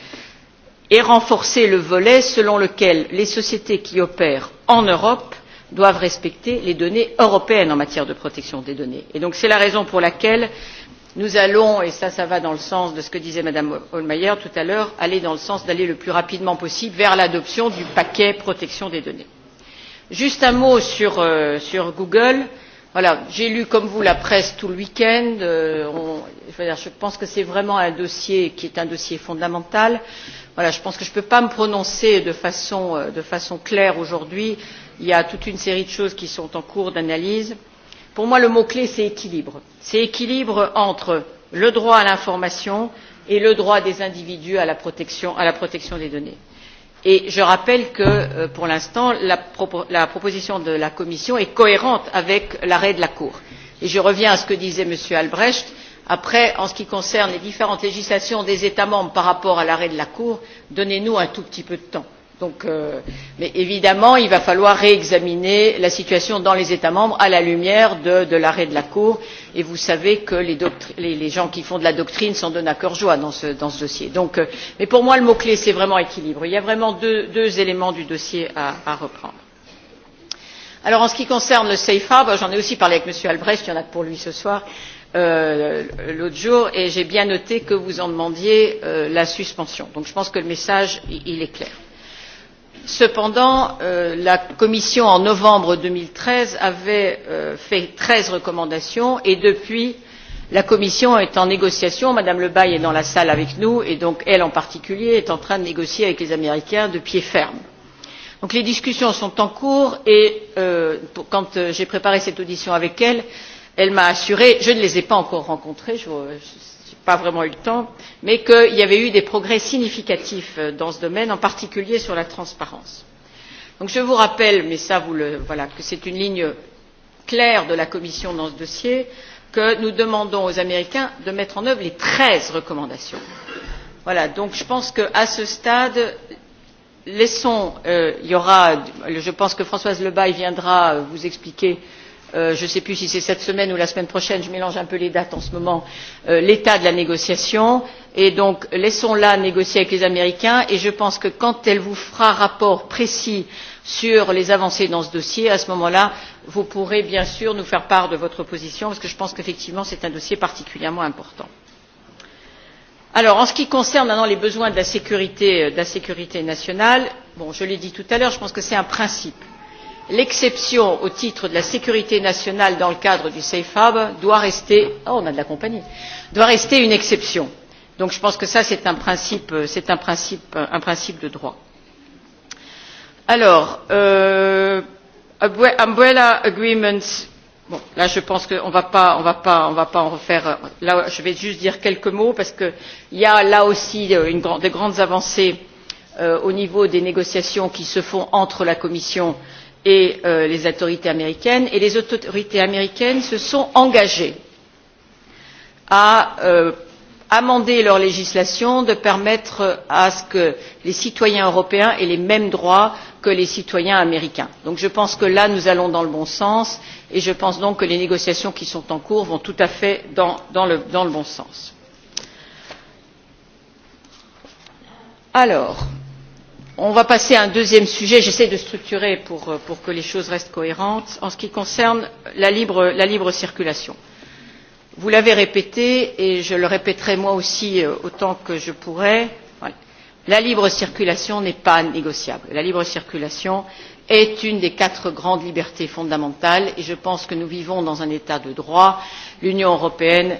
est renforcé le volet selon lequel les sociétés qui opèrent en europe doivent respecter les données européennes en matière de protection des données. c'est la raison pour laquelle nous allons et cela va dans le sens de ce que disait mme hohlmeier tout à l'heure aller dans le sens d'aller le plus rapidement possible vers l'adoption du paquet protection des données. juste un mot sur, euh, sur google. Euh, Voilà, j'ai lu comme vous la presse tout le week end. Euh, on, je, dire, je pense que c'est vraiment un dossier qui est un dossier fondamental. Voilà, je pense que je ne peux pas me prononcer de façon, euh, de façon claire aujourd'hui. Il y a toute une série de choses qui sont en cours d'analyse. Pour moi, le mot clé, c'est équilibre. C'est équilibre entre le droit à l'information et le droit des individus à la protection, à la protection des données et je rappelle que euh, pour l'instant la, propo la proposition de la commission est cohérente avec l'arrêt de la cour et je reviens à ce que disait m. albrecht après en ce qui concerne les différentes législations des états membres par rapport à l'arrêt de la cour donnez nous un tout petit peu de temps. Donc, euh, mais évidemment, il va falloir réexaminer la situation dans les États membres à la lumière de, de l'arrêt de la Cour. Et vous savez que les, les, les gens qui font de la doctrine s'en donnent à cœur joie dans ce, dans ce dossier. Donc, euh, mais pour moi, le mot-clé, c'est vraiment équilibre. Il y a vraiment deux, deux éléments du dossier à, à reprendre. Alors, en ce qui concerne le safe harbour, j'en ai aussi parlé avec M. Albrecht, il y en a pour lui ce soir, euh, l'autre jour, et j'ai bien noté que vous en demandiez euh, la suspension. Donc, je pense que le message, il est clair cependant euh, la commission en novembre deux mille treize avait euh, fait treize recommandations et depuis la commission est en négociation mme lebail est dans la salle avec nous et donc elle en particulier est en train de négocier avec les américains de pied ferme. donc les discussions sont en cours et euh, pour, quand euh, j'ai préparé cette audition avec elle elle m'a assuré je ne les ai pas encore rencontrés je, je, pas vraiment eu le temps mais qu'il y avait eu des progrès significatifs euh, dans ce domaine en particulier sur la transparence. Donc, je vous rappelle mais ça vous le voilà que c'est une ligne claire de la commission dans ce dossier que nous demandons aux américains de mettre en œuvre les treize recommandations. voilà donc je pense qu'à ce stade laissons euh, il y aura je pense que françoise lebaille viendra euh, vous expliquer euh, Euh, je ne sais plus si c'est cette semaine ou la semaine prochaine je mélange un peu les dates en ce moment euh, l'état de la négociation et donc laissons la négocier avec les américains et je pense que quand elle vous fera rapport précis sur les avancées dans ce dossier à ce moment là vous pourrez bien sûr nous faire part de votre position parce que je pense qu'effectivement c'est un dossier particulièrement important. Alors, en ce qui concerne maintenant les besoins de la sécurité, de la sécurité nationale bon, je l'ai dit tout à l'heure je pense que c'est un principe l'exception au titre de la sécurité nationale dans le cadre du safe harbour doit rester oh, on a de la compagnie doit rester une exception. donc je pense que ça c'est un principe c'est un principe un principe de droit. alors euh, umbrella agreements bon là je pense qu'on ne va pas on va pas on va pas en refaire là je vais juste dire quelques mots parce qu'il y a là aussi euh, une, de grandes avancées euh, au niveau des négociations qui se font entre la commission et et euh, les autorités américaines et les autorités américaines se sont engagées à euh, amender leur législation de permettre à ce que les citoyens européens aient les mêmes droits que les citoyens américains. Donc, je pense que là nous allons dans le bon sens et je pense donc que les négociations qui sont en cours vont tout à fait dans, dans, le, dans le bon sens. alors on va passer à un deuxième sujet j'essaie de structurer pour, euh, pour que les choses restent cohérentes en ce qui concerne la libre, la libre circulation. vous l'avez répété et je le répéterai moi aussi euh, autant que je pourrai voilà. la libre circulation n'est pas négociable. la libre circulation est une des quatre grandes libertés fondamentales et je pense que nous vivons dans un état de droit. l'union européenne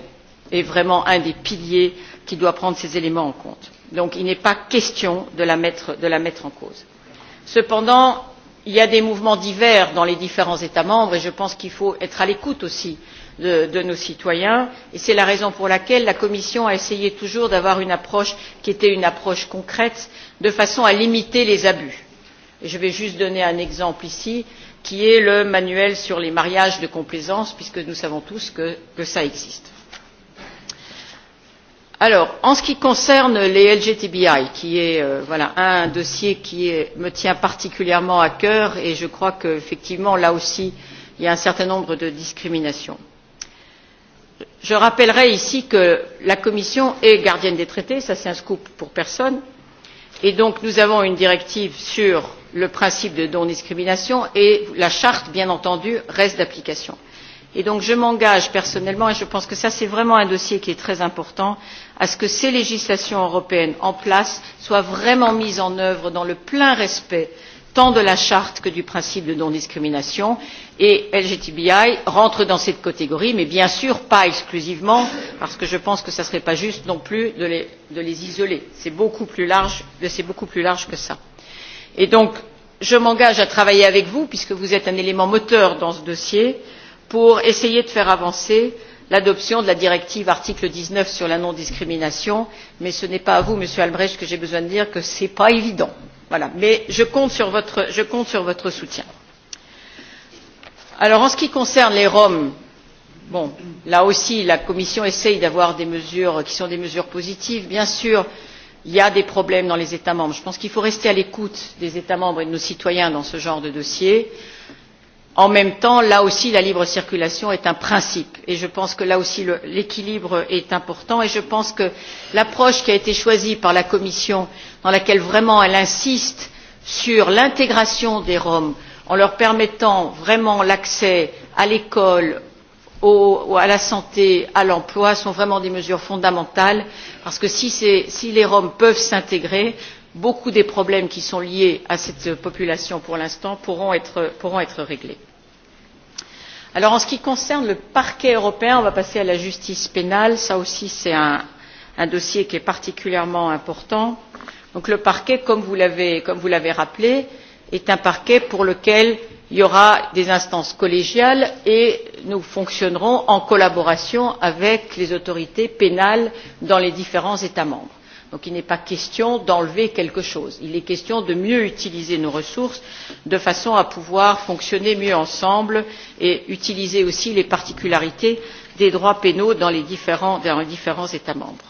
est vraiment un des piliers qui doit prendre ces éléments en compte donc il n'est pas question de la, mettre, de la mettre en cause. cependant il y a des mouvements divers dans les différents états membres et je pense qu'il faut être à l'écoute aussi de, de nos citoyens et c'est la raison pour laquelle la commission a essayé toujours d'avoir une approche qui était une approche concrète de façon à limiter les abus. Et je vais juste donner un exemple ici qui est le manuel sur les mariages de complaisance puisque nous savons tous que, que ça existe Alors, en ce qui concerne les lgtbi qui est euh, voilà, un dossier qui est, me tient particulièrement à cœur et je crois qu'effectivement là aussi il y a un certain nombre de discriminations je rappellerai ici que la commission est gardienne des traités ça c'est un scoop pour personne et donc nous avons une directive sur le principe de non discrimination et la charte bien entendu reste d'application et donc je m'engage personnellement et je pense que c'est vraiment un dossier qui est très important à ce que ces législations européennes en place soient vraiment mises en œuvre dans le plein respect tant de la charte que du principe de non discrimination et lgtbi rentre dans cette catégorie mais bien sûr pas exclusivement parce que je pense que ce ne serait pas juste non plus de les, de les isoler c'est beaucoup, plus large, beaucoup plus large que ça. et donc je m'engage à travailler avec vous puisque vous êtes un élément moteur dans ce dossier pour essayer de faire avancer l'adoption de la directive article dix neuf sur la non discrimination mais ce n'est pas à vous monsieur albrecht que j'ai besoin de dire que ce n'est pas évident. Voilà. mais je compte sur votre, je compte sur votre soutien. Alors, en ce qui concerne les roms bon, là aussi la commission essaie d'avoir des mesures qui sont des mesures positives. bien sûr il y a des problèmes dans les états membres. je pense qu'il faut rester à l'écoute des états membres et de nos citoyens dans ce genre de dossier. il en même temps là aussi la libre circulation est un principe et je pense que là aussi l'équilibre est important et je pense que l'approche qui a été choisie par la commission dans laquelle vraiment elle insiste sur l'intégration des roms en leur permettant vraiment l'accès à l'école au, à la santé à l'emploi sont vraiment des mesures fondamentales parce que si, si les roms peuvent s'intégrer beaucoup des problèmes qui sont liés à cette population pour l'instant pourront être, pourront être réglés. Alors, en ce qui concerne le parquet européen on va passer à la justice pénale là aussi c'est un, un dossier qui est particulièrement important. Donc, le parquet comme vous l'avez rappelé est un parquet pour lequel il y aura des instances collégiales et nous fonctionnerons en collaboration avec les autorités pénales dans les différents états membres donc il n'est pas question d'enlever quelque chose il est question de mieux utiliser nos ressources de façon à pouvoir fonctionner mieux ensemble et utiliser aussi les particularités des droits pénaux dans les différents, dans les différents états membres.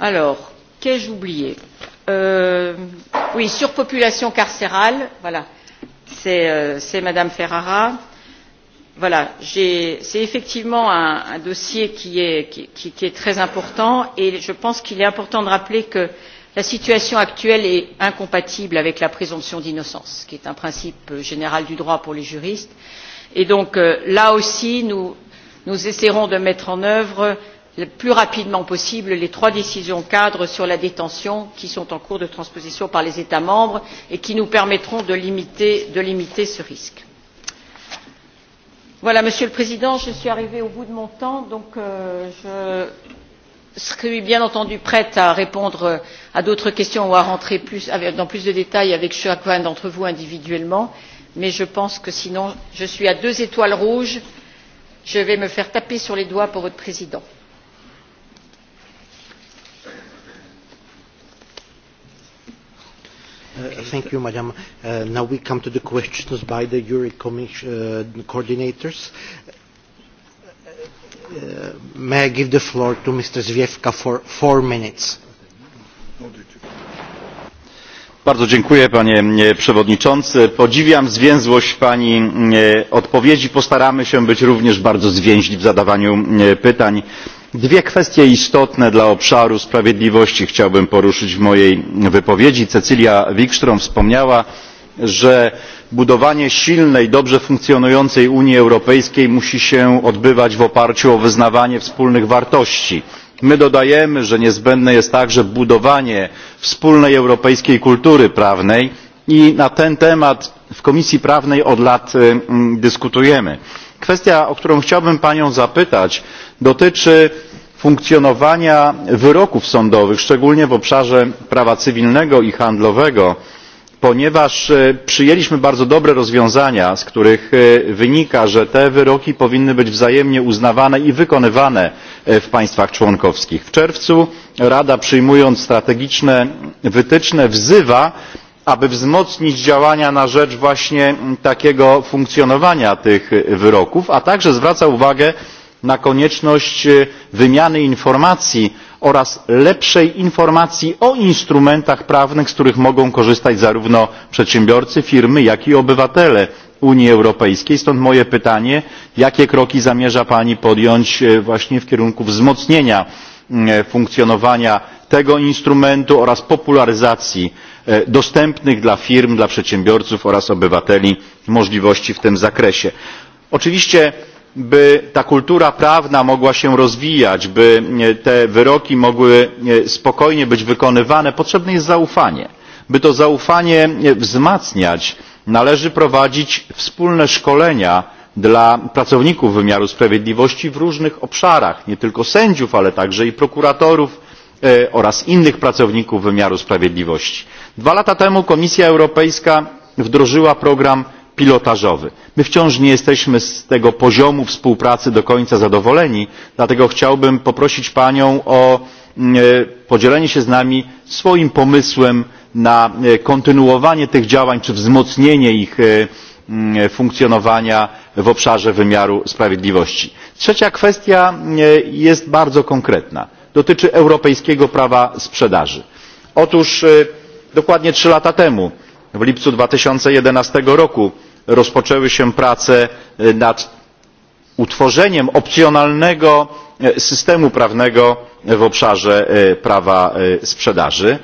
alors qu'ai je oublié? Euh, oui surpopulation carcérale voilà c'est euh, mme ferrara voilà c'est effectivement un, un dossier qui est, qui, qui, qui est très important et je pense qu'il est important de rappeler que la situation actuelle est incompatible avec la présomption d'innocence qui est un principe général du droit pour les juristes et donc euh, là aussi nous, nous essaierons de mettre en œuvre le plus rapidement possible les trois décisions cadres sur la détention qui sont en cours de transposition par les états membres et qui nous permettront de limiter, de limiter ce risque Voilà, monsieur le président je suis arrivée au bout de mon temps donc euh, je serai bien entendu prête à répondre à d'autres questions ou à rentrer plus, avec, dans plus de détails avec chacun d'entre vous individuellement mais je pense que sinon je suis à deux étoiles rouges je vais me faire taper sur les doigts pour votre président. Uh, thank you, Madam. Uh, now we come to the questions by the Jury Commission uh, coordinators. Uh, may I give the floor to Mr. Zwiewka for four minutes? Bardzo dziękuję panie e, przewodniczący. Podziwiam zwięzłość pani e, odpowiedzi. Postaramy się być również bardzo zwięźli w zadawaniu e, pytań dwie kwestie istotne dla obszaru sprawiedliwości chciałbym poruszyć w mojej wypowiedzi. cecilia wikstrm wspomniała że budowanie silnej dobrze funkcjonującej unii europejskiej musi się odbywać w oparciu o wyznawanie wspólnych wartości. my dodajemy że niezbędne jest także budowanie wspólnej europejskiej kultury prawnej i na ten temat w komisji prawnej od lat dyskutujemy kwestia o którą chciałbym panią zapytać dotyczy funkcjonowania wyroków sądowych szczególnie w obszarze prawa cywilnego i handlowego ponieważ e, przyjęliśmy bardzo dobre rozwiązania z których e, wynika że te wyroki powinny być wzajemnie uznawane i wykonywane e, w państwach członkowskich. w czerwcu rada przyjmując strategiczne wytyczne wzywa aby wzmocnić działania na rzecz właśnie takiego funkcjonowania tych wyroków a także zwraca uwagę na konieczność wymiany informacji oraz lepszej informacji o instrumentach prawnych z których mogą korzystać zarówno przedsiębiorcy firmy jak i obywatele unii europejskiej stąd moje pytanie jakie kroki zamierza pani podjąć właśnie w kierunku wzmocnienia Mm, e, funkcjonowania tego instrumentu oraz popularyzacji e, dostępnych dla firm dla przedsiębiorców oraz obywateli możliwości w tym zakresie. oczywiście by ta kultura prawna mogła się rozwijać by e, te wyroki mogły spokojnie być wykonywane potrzebne jest zaufanie. by to zaufanie wzmacniać należy prowadzić wspólne szkolenia dla pracowników wymiaru sprawiedliwości w różnych obszarach nie tylko sędziów ale także i prokuratorów e, oraz innych pracowników wymiaru sprawiedliwości. dwa lata temu komisja europejska wdrożyła program pilotażowy. my wciąż nie jesteśmy z tego poziomu współpracy do końca zadowoleni dlatego chciałbym poprosić panią o e, podzielenie się z nami swoim pomysłem na e, kontynuowanie tych działań czy wzmocnienie ich e, Mm, funkcjonowania w obszarze wymiaru sprawiedliwości. trzecia kwestia e, jest bardzo konkretna dotyczy europejskiego prawa sprzedaży. otóż e, dokładnie trzy lata temu w lipcu dwa tysiące jedenaście roku rozpoczęły się prace e, nad utworzeniem opcjonalnego systemu prawnego w obszarze prawa sprzedaży.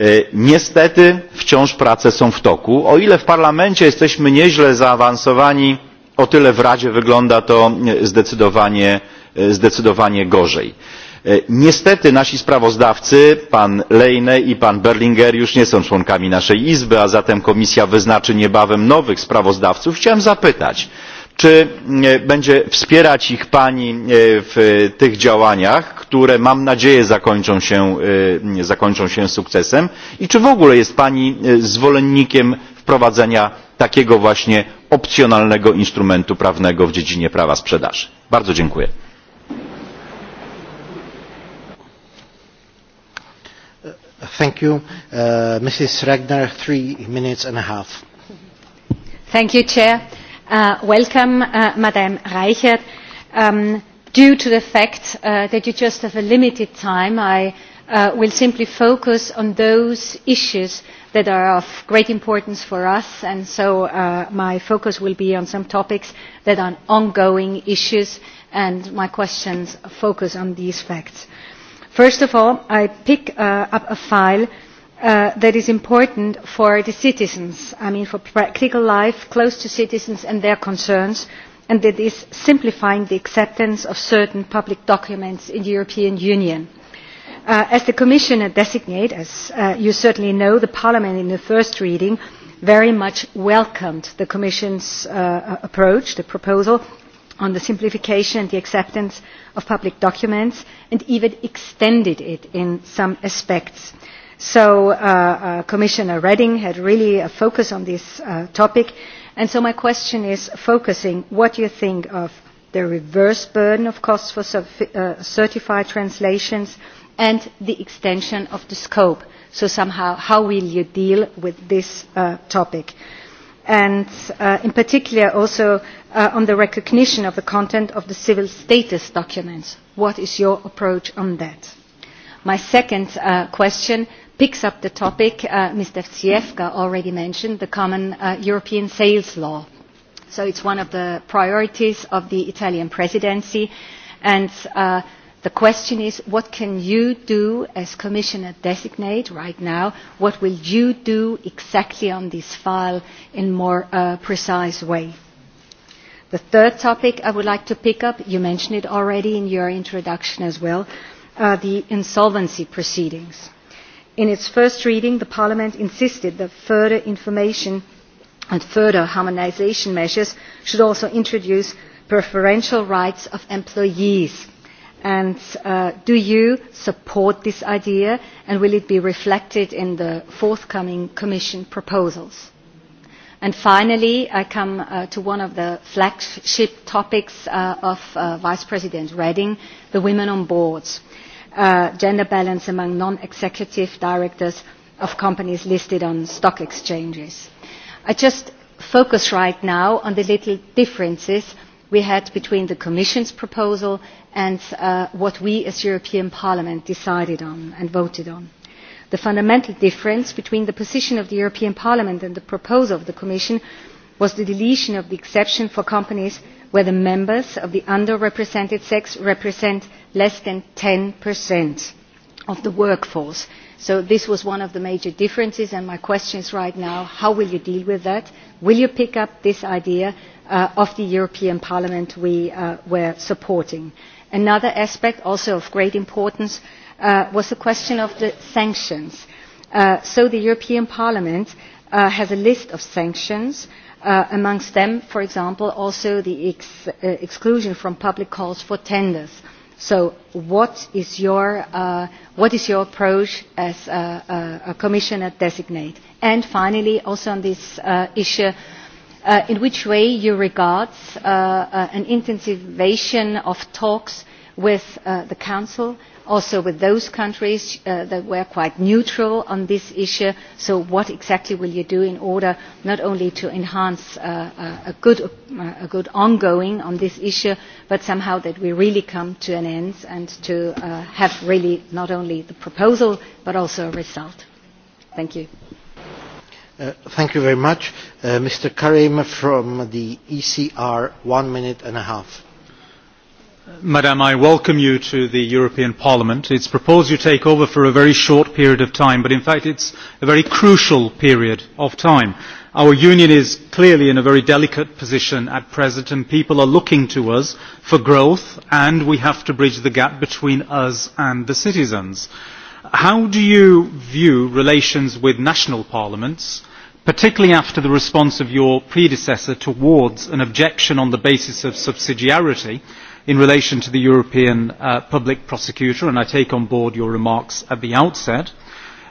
E, niestety wciąż prace są w toku. o ile w parlamencie jesteśmy nieźle zaawansowani o tyle w radzie wygląda to e, zdecydowanie, e, zdecydowanie gorzej. niestety nasi sprawozdawcy pan lehne i pan berlinguer już nie są członkami naszej izby a zatem komisja wyznaczy niebawem nowych sprawozdawców. chciałem zapytać czy czy e, będzie wspierać ich pani e, w tych działaniach które mam nadzieję zakończą się, e, zakończą się sukcesem i czy w ogóle jest pani zwolennikiem wprowadzenia takiego właśnie opcjonalnego instrumentu prawnego w dziedzinie prawa sprzedaży? bardzo dziękuję. Thank you. Uh, Mrs. Regner, three minutes and a half. Thank you, Chair uh, welcome uh, Madame Reichert. Um, due to the fact uh, that you just have a limited time, I uh, will simply focus on those issues that are of great importance for us, and so uh, my focus will be on some topics that are ongoing issues, and my questions focus on these facts. First of all, I pick uh, up a file uh, Uh, that is important for the citizens, I mean for practical life close to citizens and their concerns, and that is simplifying the acceptance of certain public documents in the European Union. Uh, as the Commissioner designate, as uh, you certainly know, the Parliament in the first reading very much welcomed the Commission's uh, approach, the proposal on the simplification and the acceptance of public documents, and even extended it in some aspects. Uh, So uh, uh, Commissioner Redding had really a focus on this uh, topic. And so my question is focusing what you think of the reverse burden of costs for uh, certified translations and the extension of the scope. So somehow, how will you deal with this uh, topic? And uh, in particular, also uh, on the recognition of the content of the civil status documents. What is your approach on that? My second uh, question picks up the topic uh, Mr. Tsiefka already mentioned, the common uh, European sales law. So it's one of the priorities of the Italian presidency. And uh, the question is, what can you do as Commissioner designate right now? What will you do exactly on this file in more uh, precise way? The third topic I would like to pick up, you mentioned it already in your introduction as well, uh, the insolvency proceedings in its first reading parliament insisted that further information and further harmonisation measures should also introduce preferential rights of employees. And, uh, do you support this idea and will it be reflected in the forthcoming commission proposals? And finally i come uh, to one of the flagship topics uh, of uh, vice president reding the women on boards uh, gender balance among non-executive directors of companies listed on stock exchanges. I just focus right now on the little differences we had between the Commission's proposal and uh, what we as European Parliament decided on and voted on. The fundamental difference between the position of the European Parliament and the proposal of the Commission was the deletion of the exception for companies where the members of the underrepresented sex represent less than 10% of the workforce. So this was one of the major differences, and my question is right now, how will you deal with that? Will you pick up this idea uh, of the European Parliament we uh, were supporting? Another aspect, also of great importance, uh, was the question of the sanctions. Uh, so the European Parliament uh, has a list of sanctions, uh, amongst them, for example, also the ex- uh, exclusion from public calls for tenders. Uh, So what is your, uh, what is your approach as a, a, a commissioner designate? And finally, also on this uh, issue, uh, in which way you regard uh, uh, an intensification of talks with uh, the Council also with those countries uh, that were quite neutral on this issue. So what exactly will you do in order not only to enhance uh, uh, a, good, uh, a good ongoing on this issue, but somehow that we really come to an end and to uh, have really not only the proposal, but also a result. Thank you. Uh, thank you very much. Uh, Mr. Karim from the ECR, one minute and a half. Madam, I welcome you to the European Parliament. It's proposed you take over for a very short period of time, but in fact it's a very crucial period of time. Our union is clearly in a very delicate position at present and people are looking to us for growth and we have to bridge the gap between us and the citizens. How do you view relations with national parliaments, particularly after the response of your predecessor towards an objection on the basis of subsidiarity in relation to the European uh, Public Prosecutor, and I take on board your remarks at the outset.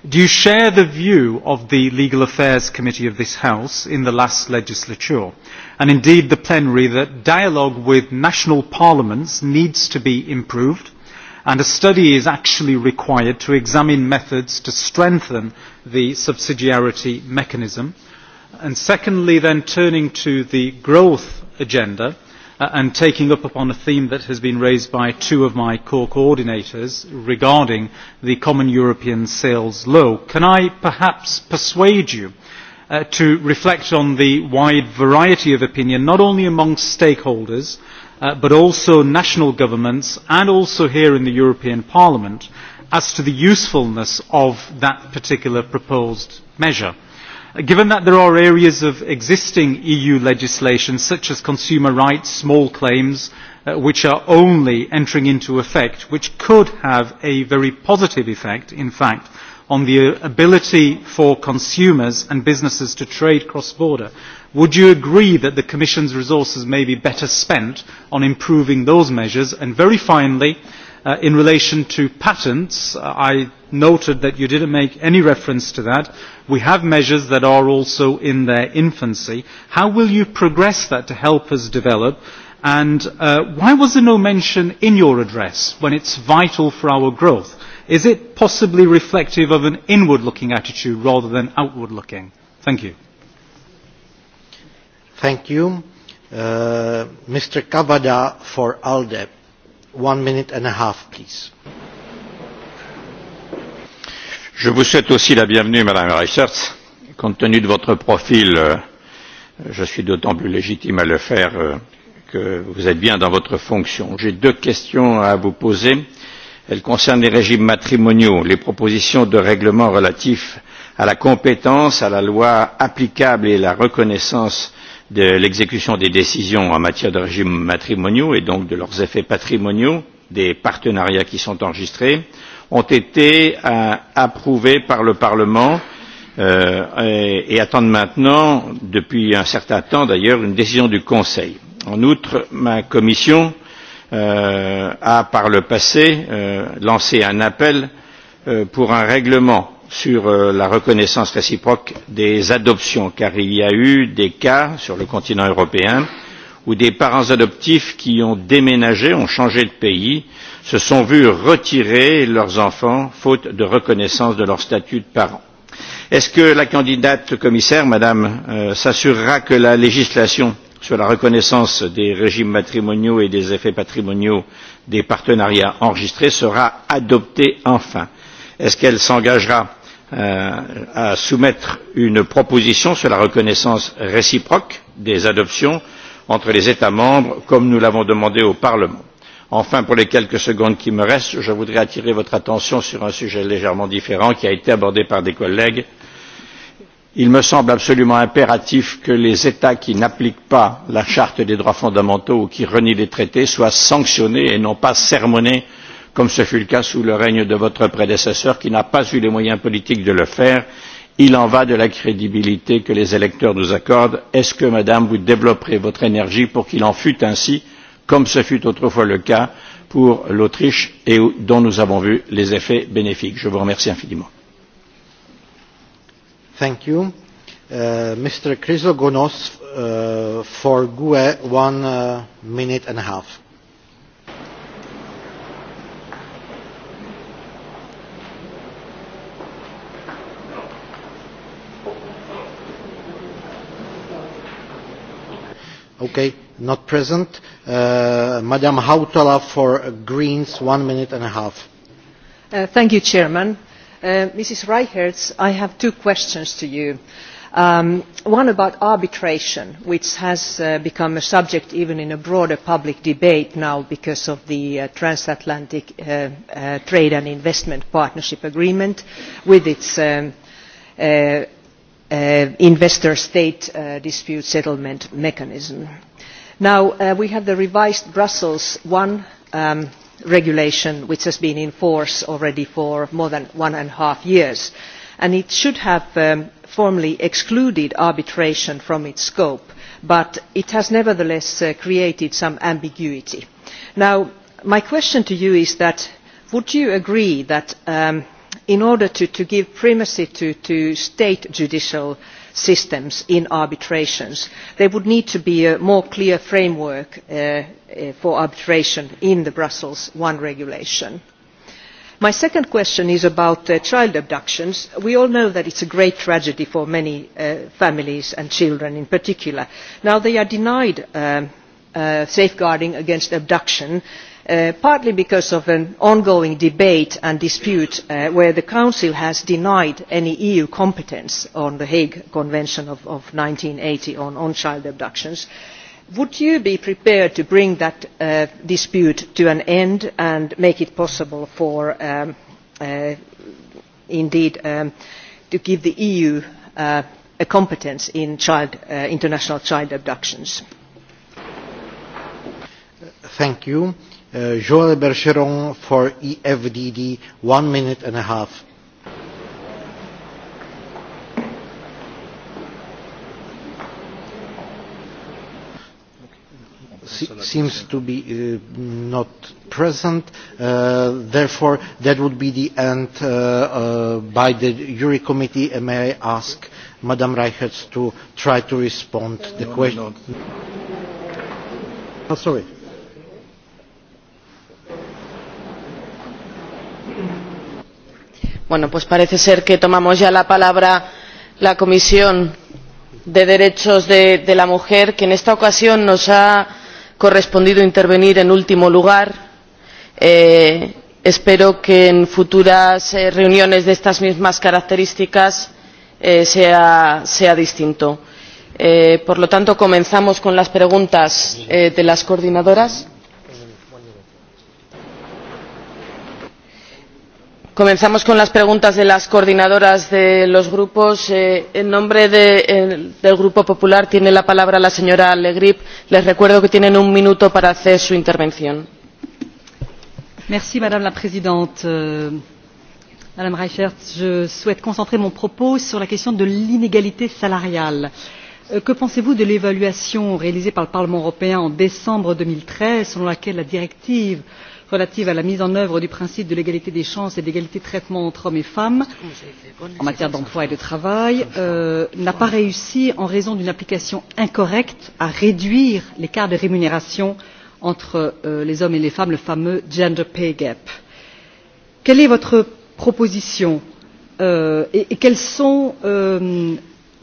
Do you share the view of the Legal Affairs Committee of this House in the last legislature, and indeed the plenary, that dialogue with national parliaments needs to be improved, and a study is actually required to examine methods to strengthen the subsidiarity mechanism? And secondly, then turning to the growth agenda, uh, and taking up upon a theme that has been raised by two of my co-coordinators regarding the common European sales law. Can I perhaps persuade you uh, to reflect on the wide variety of opinion, not only amongst stakeholders, uh, but also national governments and also here in the European Parliament as to the usefulness of that particular proposed measure Given that there are areas of existing EU legislation, such as consumer rights, small claims, uh, which are only entering into effect, which could have a very positive effect, in fact, on the uh, ability for consumers and businesses to trade cross-border, would you agree that the Commission's resources may be better spent on improving those measures? And very finally, uh, Uh, in relation to patents, uh, I noted that you didn't make any reference to that. We have measures that are also in their infancy. How will you progress that to help us develop? And uh, why was there no mention in your address when it's vital for our growth? Is it possibly reflective of an inward-looking attitude rather than outward-looking? Thank you. Thank you. Uh, Mr. Kavada for ALDE, one minute and a half, please. Je vous souhaite aussi la bienvenue, Madame Reichertz. Compte tenu de votre profil, euh, je suis d'autant plus légitime à le faire euh, que vous êtes bien dans votre fonction. J'ai deux questions à vous poser. Elles concernent les régimes matrimoniaux, les propositions de règlement relatifs à la compétence, à la loi applicable et la reconnaissance de l'exécution des décisions en matière de régimes matrimoniaux et donc de leurs effets patrimoniaux des partenariats qui sont enregistrés ont été euh, approuvés par le Parlement euh, et, et attendent maintenant, depuis un certain temps d'ailleurs, une décision du Conseil. En outre, ma commission euh, a par le passé euh, lancé un appel euh, pour un règlement sur euh, la reconnaissance réciproque des adoptions, car il y a eu des cas sur le continent européen où des parents adoptifs qui ont déménagé, ont changé de pays, se sont vus retirer leurs enfants faute de reconnaissance de leur statut de parent. Est-ce que la candidate commissaire, Madame, euh, s'assurera que la législation sur la reconnaissance des régimes matrimoniaux et des effets patrimoniaux des partenariats enregistrés sera adoptée enfin est ce qu'elle s'engagera euh, à soumettre une proposition sur la reconnaissance réciproque des adoptions entre les états membres comme nous l'avons demandé au parlement? enfin pour les quelques secondes qui me restent je voudrais attirer votre attention sur un sujet légèrement différent qui a été abordé par des collègues il me semble absolument impératif que les états qui n'appliquent pas la charte des droits fondamentaux ou qui renient les traités soient sanctionnés et non pas sermonnés comme ce fut le cas sous le règne de votre prédécesseur qui n'a pas eu les moyens politiques de le faire. il en va de la crédibilité que les électeurs nous accordent. est ce que madame vous développerez votre énergie pour qu'il en fût ainsi comme ce fut autrefois le cas pour l'autriche et dont nous avons vu les effets bénéfiques? je vous remercie infiniment. Thank you. Uh, Mr. Chrysogonos uh, for GUE, one uh, minute and a half. Okay, not present. Uh, Madam Hautala for Greens, one minute and a half. Uh, thank you, Chairman. Uh, Mrs. Reichertz, I have two questions to you. Um, one about arbitration, which has uh, become a subject even in a broader public debate now because of the uh, transatlantic uh, uh, trade and investment partnership agreement with its um, uh, Uh, investor state uh, dispute settlement mechanism. now uh, we have the revised brussels i um, regulation which has been in force already for more than one and a half years and it should have um, formally excluded arbitration from its scope but it has nevertheless uh, created some ambiguity. Now, my question to you is that would you agree that um, in order to, to give primacy to, to state judicial systems in arbitrations. There would need to be a more clear framework uh, uh for arbitration in the Brussels I regulation. My second question is about uh, child abductions. We all know that it's a great tragedy for many uh, families and children in particular. Now they are denied um, uh, safeguarding against abduction uh, uh, partly because of an ongoing debate and dispute uh, where the council has denied any eu competence on the hague convention of one thousand nine hundred and eighty on child abductions would you be prepared to bring that uh, dispute to an end and make it possible for um, uh, indeed um, to give the eu uh, a competence in child, uh, international child abductions? thank you. Uh, Joël Bergeron for EFDD, one minute and a half. seems to be uh, not present. Uh, therefore, that would be the end uh, uh, by the jury committee. And may I ask Madam Reichertz to try to respond to no, the question? No, no. Oh, sorry. Bueno, pues parece ser que tomamos ya la palabra la Comisión de Derechos de, de la Mujer, que en esta ocasión nos ha correspondido intervenir en último lugar. Eh, espero que en futuras eh, reuniones de estas mismas características eh, sea, sea distinto. Eh, por lo tanto, comenzamos con las preguntas eh, de las coordinadoras. comenzamos con las preguntas de las coordinadoras de los grupos. Eh, en nombre de, eh, del grupo popular tiene la palabra la señora le grip. les recuerdo que tienen un minuto para hacer su intervención. Merci, madame la présidente euh, madame reicherts je souhaite concentrer mon propos sur la question de l'inégalité salariale. Euh, que pensez vous de l'évaluation réalisée par le parlement européen en décembre deux mille treize selon laquelle la directive sur relative à la mise en œuvre du principe de l'égalité des chances et d'égalité de traitement entre hommes et femmes en matière d'emploi et de travail euh, n'a pas réussi en raison d'une application incorrecte à réduire l'écart de rémunération entre euh, les hommes et les femmes le fameux gender pay gap. quelle est votre proposition euh, et, et quelles sont euh,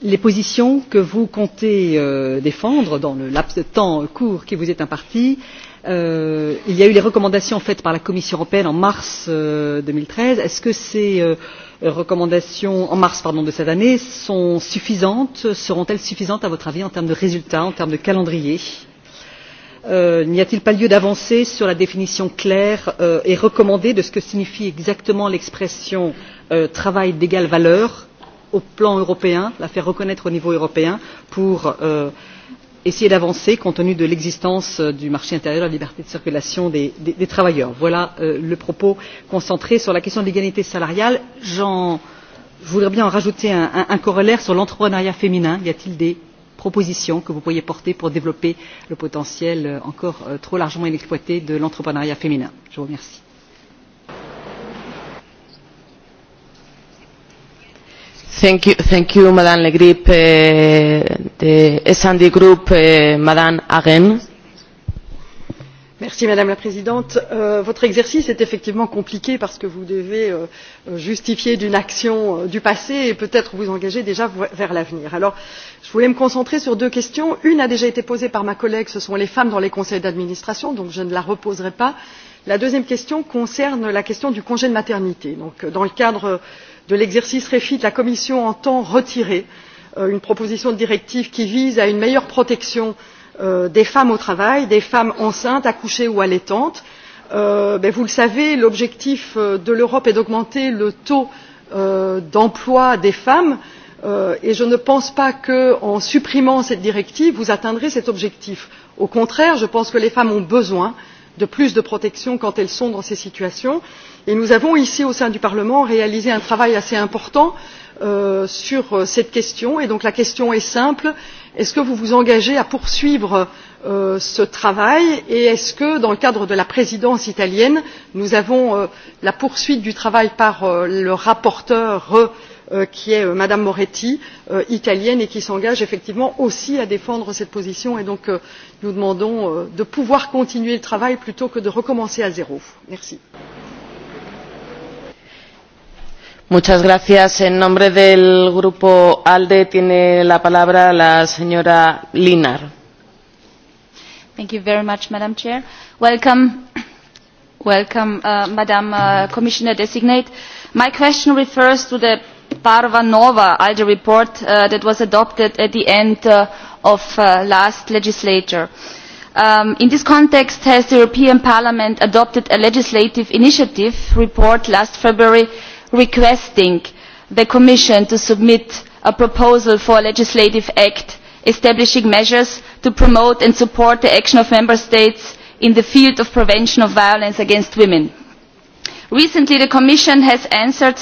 les positions que vous comptez euh, défendre dans le laps de temps court qui vous est imparti et Euh, il y a eu les recommandations faites par la Commission européenne en mars euh, 2013. Est-ce que ces euh, recommandations en mars pardon, de cette année sont suffisantes Seront-elles suffisantes à votre avis en termes de résultats, en termes de calendrier euh, N'y a-t-il pas lieu d'avancer sur la définition claire euh, et recommandée de ce que signifie exactement l'expression euh, travail d'égale valeur au plan européen, la faire reconnaître au niveau européen pour euh, essayer d'avancer compte tenu de l'existence euh, du marché intérieur et de la liberté de circulation des, des, des travailleurs. voilà euh, le propos concentré sur la question de l'égalité salariale. je voudrais bien en rajouter un, un, un corollaire sur l'entrepreneuriat féminin. y a t il des propositions que vous pourriez porter pour développer le potentiel euh, encore euh, trop largement inexploité de l'entrepreneuriat féminin? je vous remercie. Thank you, thank you, Madame Le Grip, uh, eh, the S&D Group, uh, Madame Hagen. Merci, Madame la Présidente. Euh, votre exercice est effectivement compliqué parce que vous devez euh, justifier d'une action euh, du passé et peut-être vous engager déjà vers l'avenir. Alors, je voulais me concentrer sur deux questions. Une a déjà été posée par ma collègue, ce sont les femmes dans les conseils d'administration, donc je ne la reposerai pas. La deuxième question concerne la question du congé de maternité. Donc, euh, dans le cadre euh, de l'exercice refit la commission entend retirer euh, une proposition de directive qui vise à une meilleure protection euh, des femmes au travail des femmes enceintes accouchées ou allaitantes. Euh, vous le savez l'objectif de l'europe est d'augmenter le taux d'emploi des femmes et je ne pense pas qu'en supprimant cette directive vous atteindrez cet objectif. au contraire je pense que les femmes ont besoin de plus de protection quand elles sont dans ces situations et et nous avons ici au sein du parlement réalisé un travail assez important euh, sur euh, cette question et donc la question est simple est ce que vous vous engagez à poursuivre euh, ce travail et est ce que dans le cadre de la présidence italienne nous avons euh, la poursuite du travail par euh, le rapporteur euh, qui est euh, mme moretti italienne et qui s'engage effectivement aussi à défendre cette position et donc nous demandons de pouvoir continuer le travail plutôt que de recommencer à zéro. merci. Muchas gracias. En nombre del grupo ALDE tiene la palabra la señora Linar. Thank you very much, Madam Chair. Welcome, welcome, uh, Madam uh, Commissioner Designate. My question refers to the Parvanova ALDE report uh, that was adopted at the end uh, of uh, last legislature. Um, in this context, has the European Parliament adopted a legislative initiative report last February requesting the Commission to submit a proposal for a legislative act establishing measures to promote and support the action of Member States in the field of prevention of violence against women. Recently, the Commission has answered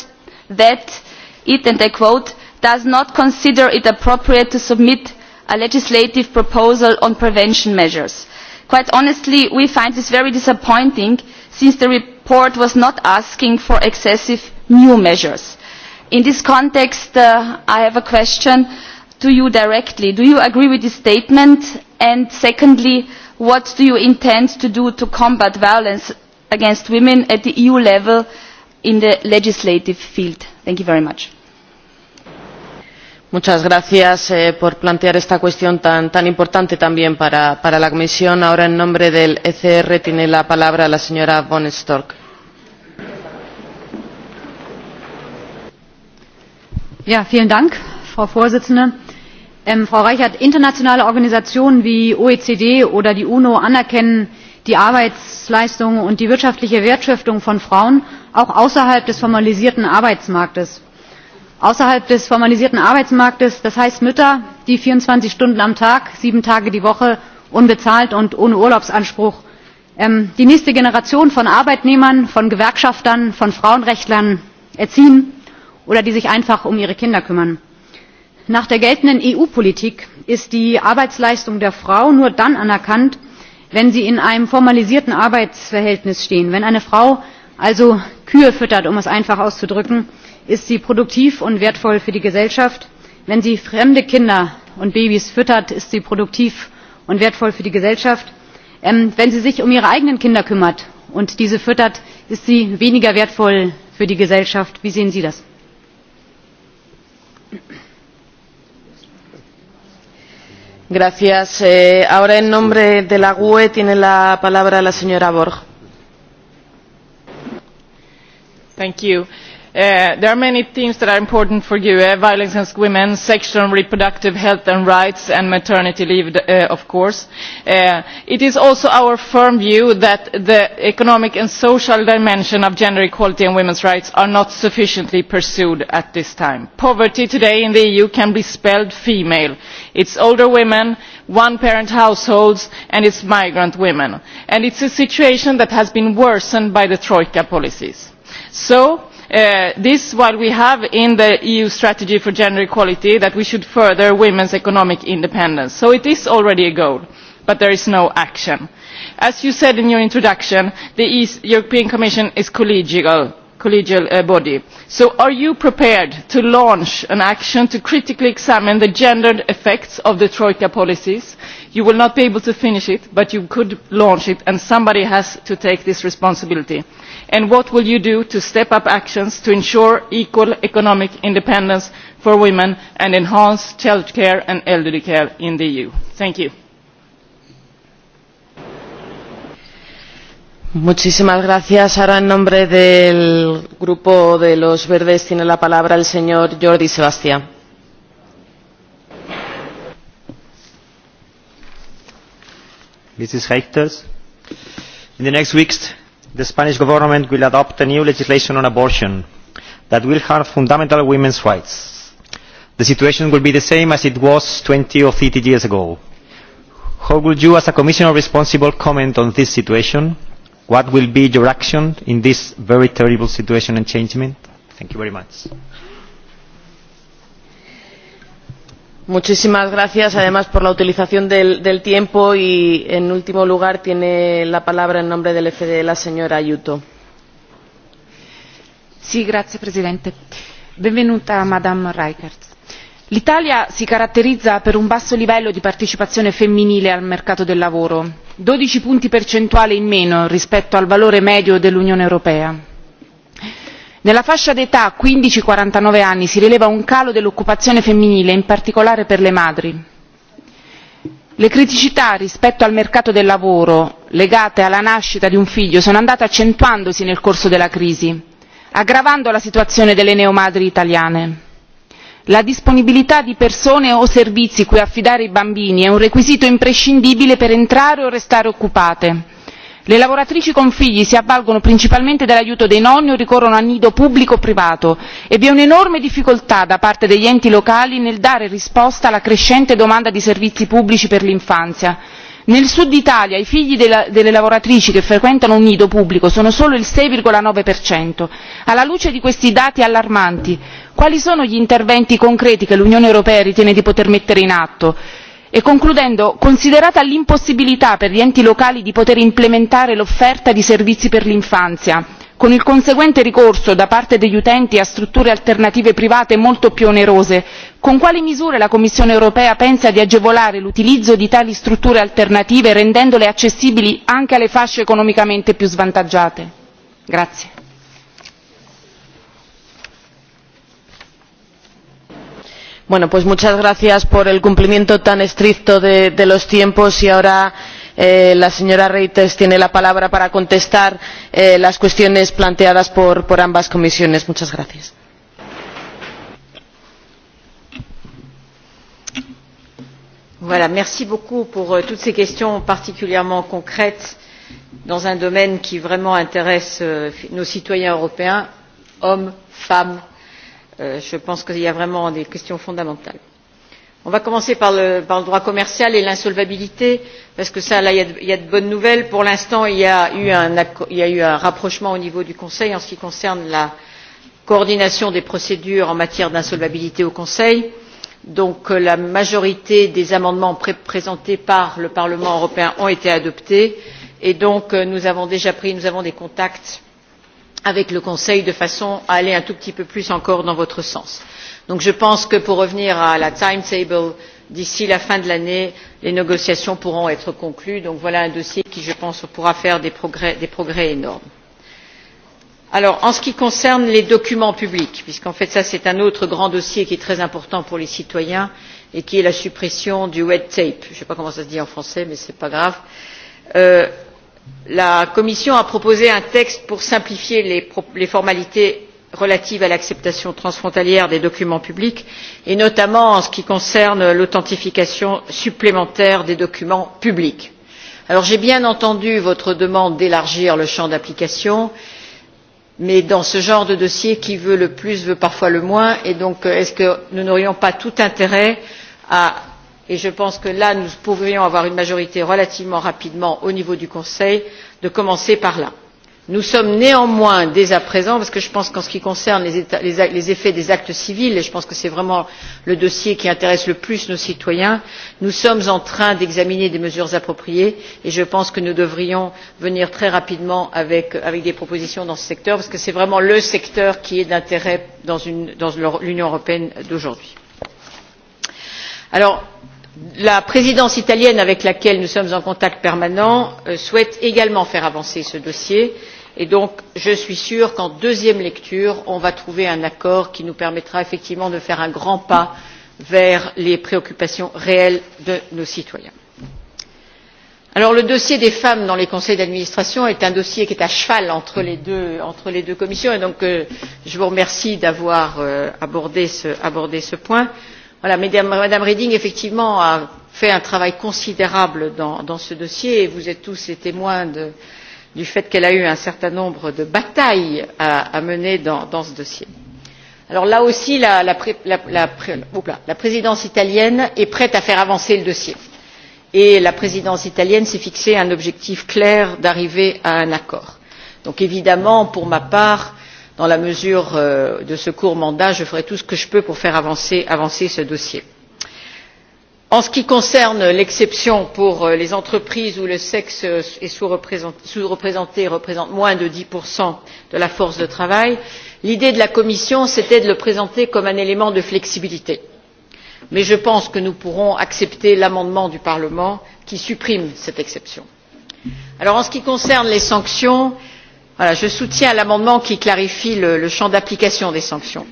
that it, and I quote, does not consider it appropriate to submit a legislative proposal on prevention measures. Quite honestly, we find this very disappointing since the report was not asking for excessive new measures. in this context uh, i have a question to you directly do you agree with this statement and secondly what do you intend to do to combat violence against women at the eu level in the legislative field? thank you very much. Muchas gracias eh, por plantear esta cuestión tan, tan importante también para, para la Comisión. Ahora, en nombre del ECR, tiene la palabra la señora von Storck. Ja, vielen Dank, Frau Vorsitzende. Ähm, Frau Reichert, internationale Organisationen wie OECD oder die UNO anerkennen die Arbeitsleistung und die wirtschaftliche Wertschöpfung von Frauen auch außerhalb des formalisierten Arbeitsmarktes. Außerhalb des formalisierten Arbeitsmarktes, das heißt Mütter, die 24 Stunden am Tag, sieben Tage die Woche unbezahlt und ohne Urlaubsanspruch ähm, die nächste Generation von Arbeitnehmern, von Gewerkschaftern, von Frauenrechtlern erziehen oder die sich einfach um ihre kinder kümmern. nach der geltenden eu politik ist die arbeitsleistung der frau nur dann anerkannt wenn sie in einem formalisierten arbeitsverhältnis stehen. wenn eine frau also kühe füttert um es einfach auszudrücken ist sie produktiv und wertvoll für die gesellschaft. wenn sie fremde kinder und babys füttert ist sie produktiv und wertvoll für die gesellschaft. Ähm, wenn sie sich um ihre eigenen kinder kümmert und diese füttert ist sie weniger wertvoll für die gesellschaft. wie sehen sie das? Gracias. Eh, ahora en nombre de la GUE tiene la palabra la señora Borg. Thank you. Uh, there are many themes that are important for you uh, violence against women sexual and reproductive health and rights and maternity leave uh, of course. Uh, it is also our firm view that the economic and social dimension of gender equality and women's rights are not sufficiently pursued at this time. poverty today in the eu can be spelled female it is older women one parent households and it is migrant women and it is a situation that has been worsened by the troika policies. so Uh, this while we have in the eu strategy for gender equality that we should further women's economic independence so it is already a goal but there is no action. as you said in your introduction the East european commission is a collegial, collegial uh, body so are you prepared to launch an action to critically examine the gendered effects of the troika policies? you will not be able to finish it but you could launch it and somebody has to take this responsibility and what will you do to step up actions to ensure equal economic independence for women and enhance childcare and elderly care in the eu? thank you. Muchísimas gracias. Ahora en nombre del grupo de los Verdes tiene la palabra el señor Jordi Sebastián. Mrs. Reichters, in the next weeks the Spanish government will adopt a new legislation on abortion that will harm fundamental women's rights. The situation will be the same as it was 20 or 30 years ago. How would you, as a commissioner responsible, comment on this situation? What will be your action in this very terrible situation and changement? Thank you very much. muchísimas gracias además por la utilización del, del tiempo y en último lugar tiene la palabra en nombre del fd la señora aiuto. signor sì, presidente benvenuta madame reicherts. l'italia si caratterizza per un basso livello di partecipazione femminile al mercato del lavoro dodici punti percentuali in meno rispetto al valore medio dell'unione europea nella fascia d'età quindici quarantanove anni si rileva un calo dell'occupazione femminile in particolare per le madri. le criticità rispetto al mercato del lavoro legate alla nascita di un figlio sono andate accentuandosi nel corso della crisi aggravando la situazione delle neomadri italiane. la disponibilità di persone o servizi cui affidare i bambini è un requisito imprescindibile per entrare o restare occupate le lavoratrici con figli si avvalgono principalmente dell'aiuto dei nonni o ricorrono a nido pubblico o privato e vi è un'enorme difficoltà da parte degli enti locali nel dare risposta alla crescente domanda di servizi pubblici per l'infanzia. nel sud italia i figli delle lavoratrici che frequentano un nido pubblico sono solo il sei nove alla luce di questi dati allarmanti quali sono gli interventi concreti che l'unione europea ritiene di poter mettere in atto? e concludendo considerata l'impossibilità per gli enti locali di poter implementare l'offerta di servizi per l'infanzia con il conseguente ricorso da parte degli utenti a strutture alternative private molto più onerose con quali misure la commissione europea pensa di agevolare l'utilizzo di tali strutture alternative rendendole accessibili anche alle fasce economicamente più svantaggiate? Bueno, pues muchas gracias por el cumplimiento tan estricto de, de los tiempos y ahora eh, la señora Reiters tiene la palabra para contestar eh, las cuestiones planteadas por, por ambas comisiones. Muchas gracias. Voilà, merci beaucoup pour euh, toutes ces questions particulièrement concrètes dans un domaine qui vraiment intéresse euh, nos citoyens européens, hommes, femmes Euh, je pense qu'il y a vraiment des questions fondamentales. on va commencer par le, par le droit commercial et l'insolvabilité parce que ça là il y, y a de bonnes nouvelles. pour l'instant il y a eu un, a eu un rapprochement au niveau du conseil en ce qui concerne la coordination des procédures en matière d'insolvabilité au conseil. donc euh, la majorité des amendements pré présentés par le parlement européen ont été adoptés et donc euh, nous avons déjà pris nous avons des contacts avec le conseil de façon à aller un tout petit peu plus encore dans votre sens. donc je pense que pour revenir à la timetable d'ici la fin de l'année les négociations pourront être conclues donc voilà un dossier qui je pense pourra faire des progrès, des progrès énormes. Alors, en ce qui concerne les documents publics puisqu'en fait c'est un autre grand dossier qui est très important pour les citoyens et qui est la suppression du red tape je ne sais pas comment ça se dit en français mais ce n'est pas grave euh, la commission a proposé un texte pour simplifier les, les formalités relatives à l'acceptation transfrontalière des documents publics et notamment en ce qui concerne l'authentification supplémentaire des documents publics. j'ai bien entendu votre demande d'élargir le champ d'application mais dans ce genre de dossier qui veut le plus veut parfois le moins et donc euh, est ce que nous n'aurions pas tout intérêt à et je pense que là nous pourrions avoir une majorité relativement rapidement au niveau du conseil de commencer par là. nous sommes néanmoins dès à présent parce que je pense qu'en ce qui concerne les, états, les, les effets des actes civils et je pense que c'est vraiment le dossier qui intéresse le plus nos citoyens nous sommes en train d'examiner des mesures appropriées et je pense que nous devrions venir très rapidement avec, avec des propositions dans ce secteur parce que c'est vraiment le secteur qui est d'intérêt dans, dans l'union européenne d'aujourd'hui. alors la présidence italienne avec laquelle nous sommes en contact permanent euh, souhaite également faire avancer ce dossier et donc je suis sûre qu'en deuxième lecture on va trouver un accord qui nous permettra effectivement de faire un grand pas vers les préoccupations réelles de nos citoyens. Alors, le dossier des femmes dans les conseils d'administration est un dossier qui est à cheval entre les deux, entre les deux commissions et donc euh, je vous remercie d'avoir euh, abordé, ce, abordé ce point. Euh, Voilà, Madame Reding, effectivement, a fait un travail considérable dans, dans ce dossier et vous êtes tous les témoins de, du fait qu'elle a eu un certain nombre de batailles à, à mener dans, dans ce dossier. Alors là aussi, la, la, la, la, la, la présidence italienne est prête à faire avancer le dossier. Et la présidence italienne s'est fixé un objectif clair d'arriver à un accord. Donc évidemment, pour ma part, dans la mesure euh, de ce court mandat je ferai tout ce que je peux pour faire avancer, avancer ce dossier. en ce qui concerne l'exception pour euh, les entreprises où le sexe euh, est sous représenté et représente moins de dix de la force de travail l'idée de la commission était de le présenter comme un élément de flexibilité mais je pense que nous pourrons accepter l'amendement du parlement qui supprime cette exception. Alors, en ce qui concerne les sanctions je Voilà, je soutiens l'amendement qui clarifie le, le champ d'application des sanctions.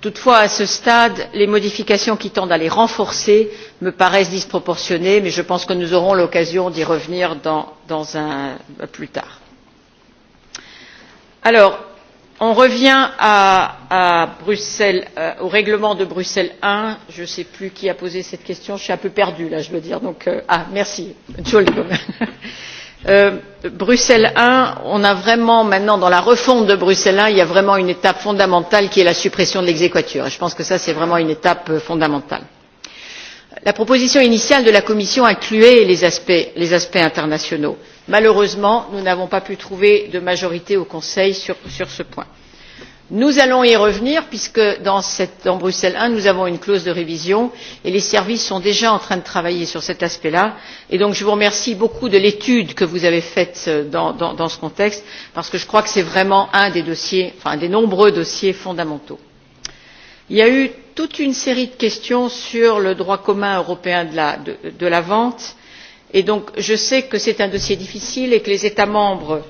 toutefois à ce stade les modifications qui tendent à les renforcer me paraissent disproportionnées mais je pense que nous aurons l'occasion d'y revenir dans, dans un, plus tard. alors on revient à, à Bruxelles, euh, au règlement de Bruxelles 1. Je ne sais plus qui a posé cette question. Je suis un peu perdue là, je veux dire. Donc, euh, ah, merci. Entschuldigung. Euh, bruxelles i on a vraiment maintenant dans la refonte de bruxelles i il y a vraiment une étape fondamentale qui est la suppression de l'exequatur et je pense que ça c'est vraiment une étape euh, fondamentale. la proposition initiale de la commission incluait les aspects, les aspects internationaux. malheureusement nous n'avons pas pu trouver de majorité au conseil sur, sur ce point nous allons y revenir puisque dans, cette, dans bruxelles i nous avons une clause de révision et les services sont déjà en train de travailler sur cet aspect là et donc je vous remercie beaucoup de l'étude que vous avez faite euh, dans, dans, dans ce contexte parce que je crois que c'est vraiment un des dossiers enfin un des nombreux dossiers fondamentaux. il y a eu toute une série de questions sur le droit commun européen de la, de, de la vente et donc je sais que c'est un dossier difficile et que les états membres euh,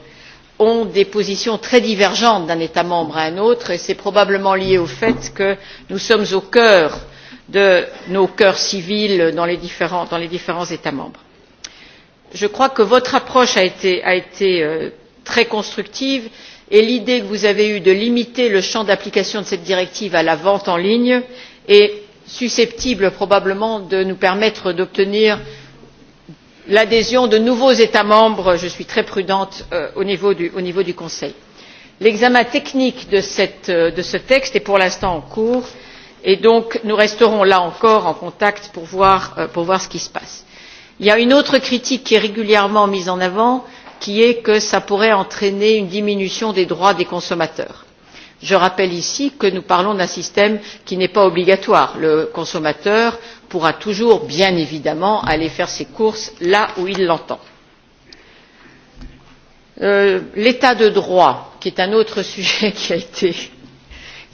ont des positions très divergentes d'un état membre à un autre et c'est probablement lié au fait que nous sommes au cœur de nos cœurs civils dans les différents, dans les différents états membres. je crois que votre approche a été, a été euh, très constructive et l'idée que vous avez eue de limiter le champ d'application de cette directive à la vente en ligne est susceptible probablement de nous permettre d'obtenir euh, l'adhésion de nouveaux états membres je suis très prudente euh, au, niveau du, au niveau du conseil. l'examen technique de, cette, euh, de ce texte est pour l'instant en cours et donc nous resterons là encore en contact pour voir, euh, pour voir ce qui se passe. il y a une autre critique qui est régulièrement mise en avant qui est que cela pourrait entraîner une diminution des droits des consommateurs. je rappelle ici que nous parlons d'un système qui n'est pas obligatoire. le consommateur pourra toujours bien évidemment aller faire ses courses là où il l'entend. Euh, l'état de droit qui est un autre sujet qui a été,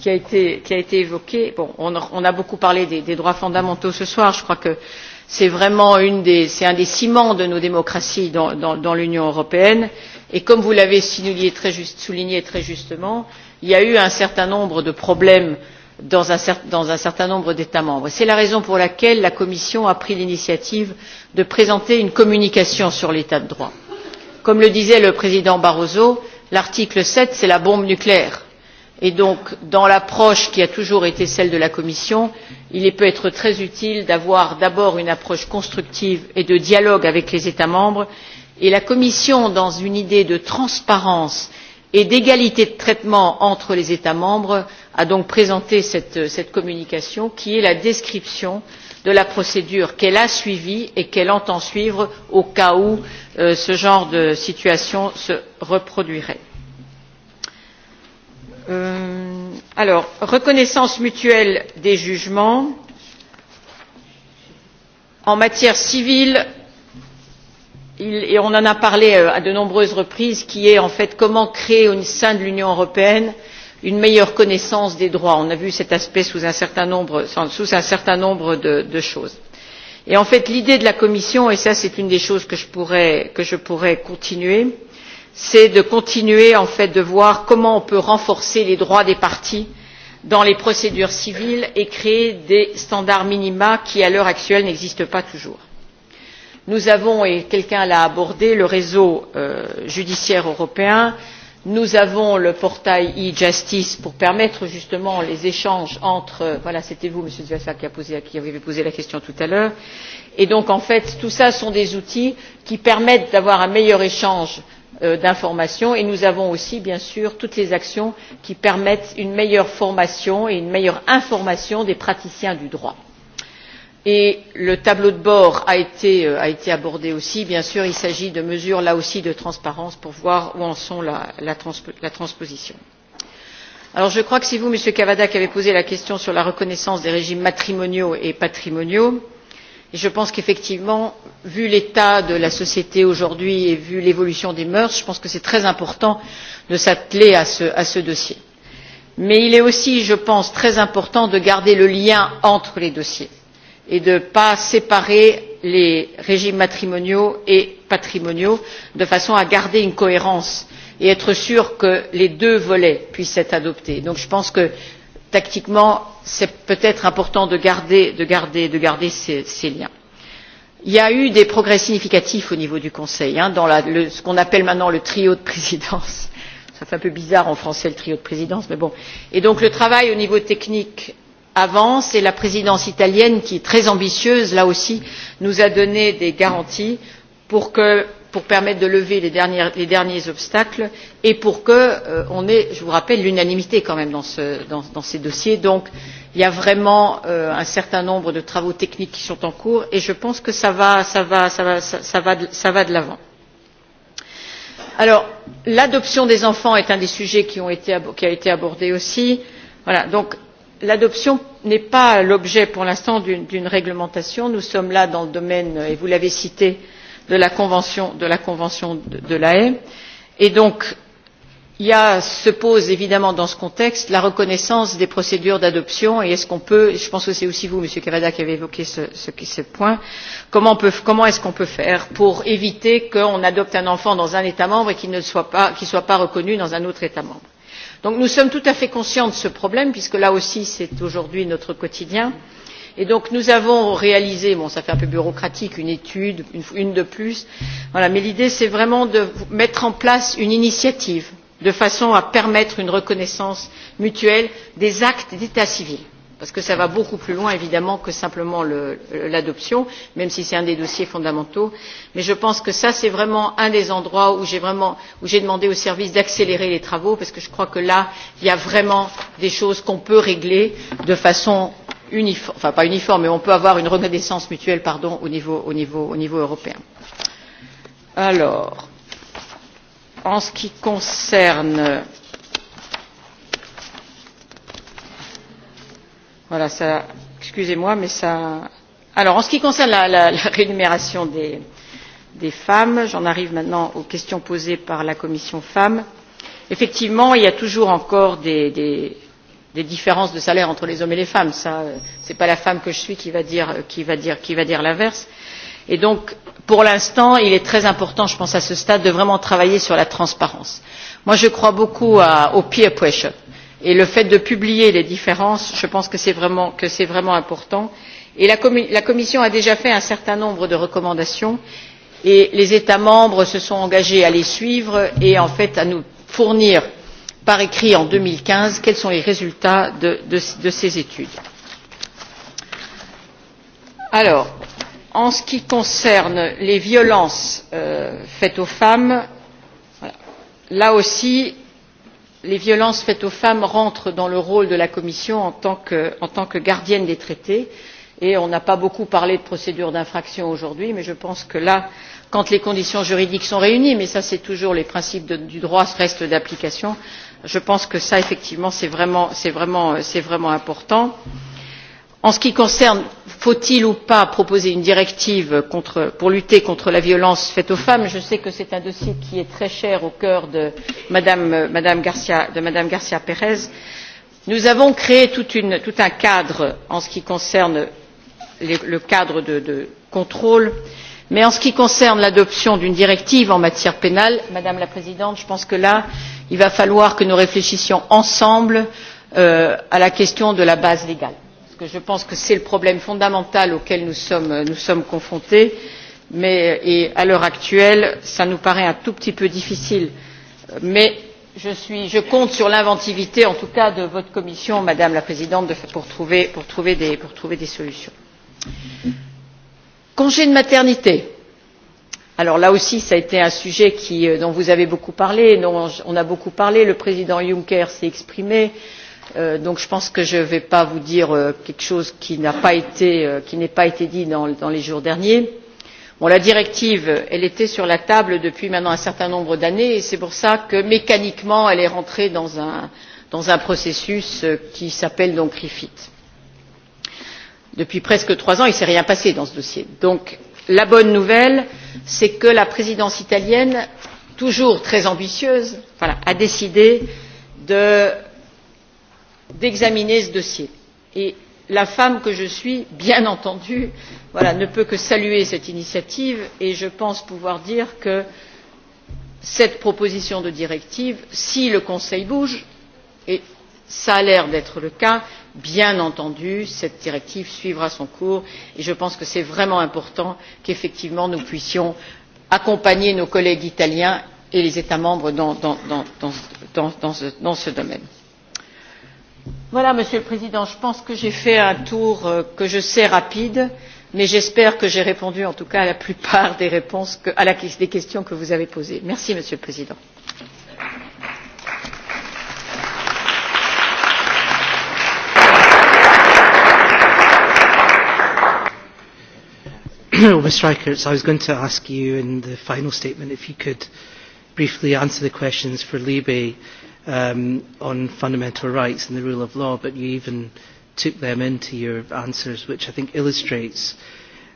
qui a été, qui a été évoqué bon, on, on a beaucoup parlé des, des droits fondamentaux ce soir je crois que c'est vraiment une des, un des ciments de nos démocraties dans, dans, dans l'union européenne et comme vous l'avez souligné très, juste, souligné très justement il y a eu un certain nombre de problèmes euh, dans un, dans un certain nombre d'états membres. c'est la raison pour laquelle la commission a pris l'initiative de présenter une communication sur l'état de droit. comme le disait le président barroso l'article sept c'est la bombe nucléaire et donc dans l'approche qui a toujours été celle de la commission il peut être très utile d'avoir d'abord une approche constructive et de dialogue avec les états membres et la commission dans une idée de transparence et d'égalité de traitement entre les états membres a donc présenté cette, cette communication qui est la description de la procédure qu'elle a suivie et qu'elle entend suivre au cas où euh, ce genre de situation se reproduirait. Euh, alors, reconnaissance mutuelle des jugements en matière civile il, et on en a parlé euh, à de nombreuses reprises qui est en fait comment créer au sein de l'union européenne euh, une meilleure connaissance des droits on a vu cet aspect sous un certain nombre, un certain nombre de, de choses. Et en fait l'idée de la commission et c'est une des choses que je pourrais, que je pourrais continuer c'est de continuer en fait de voir comment on peut renforcer les droits des parties dans les procédures civiles et créer des standards minima qui à l'heure actuelle n'existent pas toujours. nous avons et quelqu'un l'a abordé le réseau euh, judiciaire européen qui nous avons le portail e justice pour permettre justement les échanges entre euh, voilà c'était vous monsieur Zviasa qui, posé, qui avez posé la question tout à l'heure et donc en fait tout ça sont des outils qui permettent d'avoir un meilleur échange euh, d'informations et nous avons aussi bien sûr toutes les actions qui permettent une meilleure formation et une meilleure information des praticiens du droit et le tableau de bord a été, euh, a été abordé aussi. Bien sûr, il s'agit de mesures là aussi de transparence pour voir où en sont la, la, transpo, la transposition. Alors je crois que c'est vous, Monsieur Cavada, qui avez posé la question sur la reconnaissance des régimes matrimoniaux et patrimoniaux. Et je pense qu'effectivement, vu l'état de la société aujourd'hui et vu l'évolution des mœurs, je pense que c'est très important de s'atteler à ce, à ce dossier. Mais il est aussi, je pense, très important de garder le lien entre les dossiers et de ne pas séparer les régimes matrimoniaux et patrimoniaux de façon à garder une cohérence et être sûr que les deux volets puissent être adoptés. donc je pense que tactiquement c'est peut être important de garder, de garder, de garder ces, ces liens. il y a eu des progrès significatifs au niveau du conseil hein, dans la, le, ce qu'on appelle maintenant le trio de présidence ça fait un peu bizarre en français le trio de présidence mais bon et donc le travail au niveau technique avance et la présidence italienne qui est très ambitieuse là aussi nous a donné des garanties pour, que, pour permettre de lever les, dernières, les derniers obstacles et pour qu'on euh, ait je vous rappelle l'unanimité quand même dans, ce, dans, dans ces dossiers. donc il y a vraiment euh, un certain nombre de travaux techniques qui sont en cours et je pense que ça va, ça va, ça va, ça va, ça va de l'avant. alors l'adoption des enfants est un des sujets qui, ont été, qui a été abordé aussi. Voilà, donc l'adoption n'est pas l'objet pour l'instant d'une réglementation nous sommes là dans le domaine et vous l'avez cité de la convention de la, convention de, de la haye et donc il y a, se pose évidemment dans ce contexte la reconnaissance des procédures d'adoption et est ce qu'on peut je pense que c'est aussi vous monsieur cavada qui avez évoqué ce, ce, ce point comment, peut, comment est ce qu'on peut faire pour éviter qu'on adopte un enfant dans un état membre et qu'il ne soit pas, qu soit pas reconnu dans un autre état membre? donc nous sommes tout à fait conscients de ce problème puisque là aussi c'est aujourd'hui notre quotidien et donc nous avons réalisé bon ça fait un peu bureaucratique une étude une, une de plus voilà mais l'idée c'est vraiment de mettre en place une initiative de façon à permettre une reconnaissance mutuelle des actes d'état civil parce que cela va beaucoup plus loin évidemment que simplement l'adoption même si c'est un des dossiers fondamentaux mais je pense que c'est vraiment un des endroits où j'ai demandé aux services d'accélérer les travaux parce que je crois que là il y a vraiment des choses qu'on peut régler de façon uniforme enfin pas uniforme mais on peut avoir une reconnaissance mutuelle pardon au niveau, au niveau, au niveau européen. alors en ce qui concerne euh, Voilà, ça, excusez-moi, mais ça. Alors, en ce qui concerne la, la, la rémunération des, des femmes, j'en arrive maintenant aux questions posées par la commission femmes. Effectivement, il y a toujours encore des, des, des différences de salaire entre les hommes et les femmes. Ça, c'est pas la femme que je suis qui va dire, qui va dire, qui va dire l'inverse. Et donc, pour l'instant, il est très important, je pense, à ce stade, de vraiment travailler sur la transparence. Moi, je crois beaucoup à, au peer pressure et le fait de publier les différences je pense que c'est vraiment, vraiment important et la, com la commission a déjà fait un certain nombre de recommandations et les états membres se sont engagés à les suivre et en fait à nous fournir par écrit en deux mille quinze quels sont les résultats de, de, de ces études. Alors, en ce qui concerne les violences euh, faites aux femmes là aussi les violences faites aux femmes rentrent dans le rôle de la commission en tant que gardienne des traités et on n'a pas beaucoup parlé de procédure d'infraction aujourd'hui mais je pense que là quand les conditions juridiques sont réunies mais ça c'est toujours les principes du droit restent d'application je pense que ça effectivement c'est vraiment important. ensuite en ce qui concerne faut il ou pas proposer une directive contre, pour lutter contre la violence faite aux femmes je sais que c'est un dossier qui est très cher au cœur de mme euh, garca pérez nous avons créé tout, une, tout un cadre en ce qui concerne les, le cadre de, de contrôle mais en ce qui concerne l'adoption d'une directive en matière pénale madame la présidente je pense que là il va falloir que nous réfléchissions ensemble euh, à la question de la base légale parce que je pense que c'est le problème fondamental auquel nous sommes, nous sommes confrontés mais, et à l'heure actuelle cela nous paraît un tout petit peu difficile mais je, suis, je compte sur l'inventivité en tout cas de votre commission madame la présidente de, pour, trouver, pour, trouver des, pour trouver des solutions. congé de maternité alors là aussi ça a été un sujet qui, euh, dont vous avez beaucoup parlé dont on a beaucoup parlé le président juncker s'est exprimé euh, Euh, donc je pense que je ne vais pas vous dire euh, quelque chose qui n'a pas été euh, qui n'a pas été dit dans, dans les jours derniers. Bon, la directive elle était sur la table depuis maintenant un certain nombre d'années et c'est pour ça que mécaniquement elle est rentrée dans un, dans un processus qui s'appelle donc refit. Depuis presque trois ans, il ne s'est rien passé dans ce dossier. Donc la bonne nouvelle, c'est que la présidence italienne, toujours très ambitieuse, voilà, a décidé de d'examiner ce dossier et la femme que je suis bien entendu voilà, ne peut que saluer cette initiative et je pense pouvoir dire que cette proposition de directive si le conseil bouge et cela a l'air d'être le cas bien entendu cette directive suivra son cours et je pense que c'est vraiment important qu'effectivement nous puissions accompagner nos collègues italiens et les états membres dans, dans, dans, dans ce domaine. Voilà, Monsieur le Président, je pense que j'ai fait un tour euh, que je sais rapide, mais j'espère que j'ai répondu en tout cas à la plupart des réponses que, à la, des questions que vous avez posées. Merci, Monsieur le Président. Ms. Reichertz, I was going to ask you in the final statement if you could briefly answer the questions for Libe um, on fundamental rights and the rule of law, but you even took them into your answers, which I think illustrates,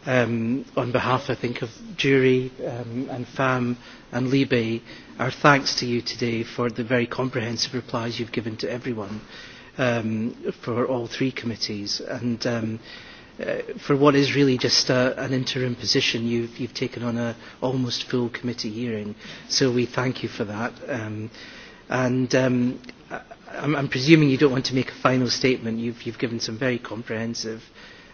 um, on behalf, I think, of Jury um, and FAM and Libe, our thanks to you today for the very comprehensive replies you've given to everyone um, for all three committees. And um, uh, for what is really just a, an interim position, you've, you've taken on an almost full committee hearing. So we thank you for that. Um, uh, And um, I'm, I'm presuming you don't want to make a final statement. You've, you've given some very comprehensive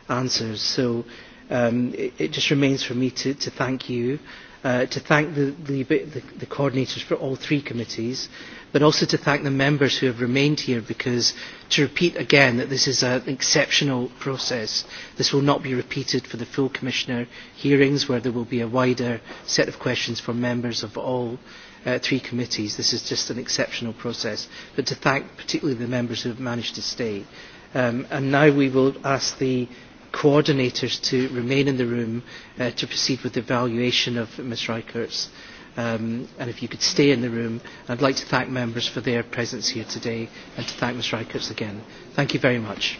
answers. So um, it, it just remains for me to, to thank you, uh, to thank the, the, the, the coordinators for all three committees, but also to thank the members who have remained here because to repeat again that this is an exceptional process. This will not be repeated for the full commissioner hearings where there will be a wider set of questions from members of all uh, uh, three committees. This is just an exceptional process. But to thank particularly the members who have managed to stay. Um, and now we will ask the coordinators to remain in the room uh, to proceed with the evaluation of Ms Reichert's. Um, and if you could stay in the room, I'd like to thank members for their presence here today and to thank Ms Reichert's again. Thank you very much.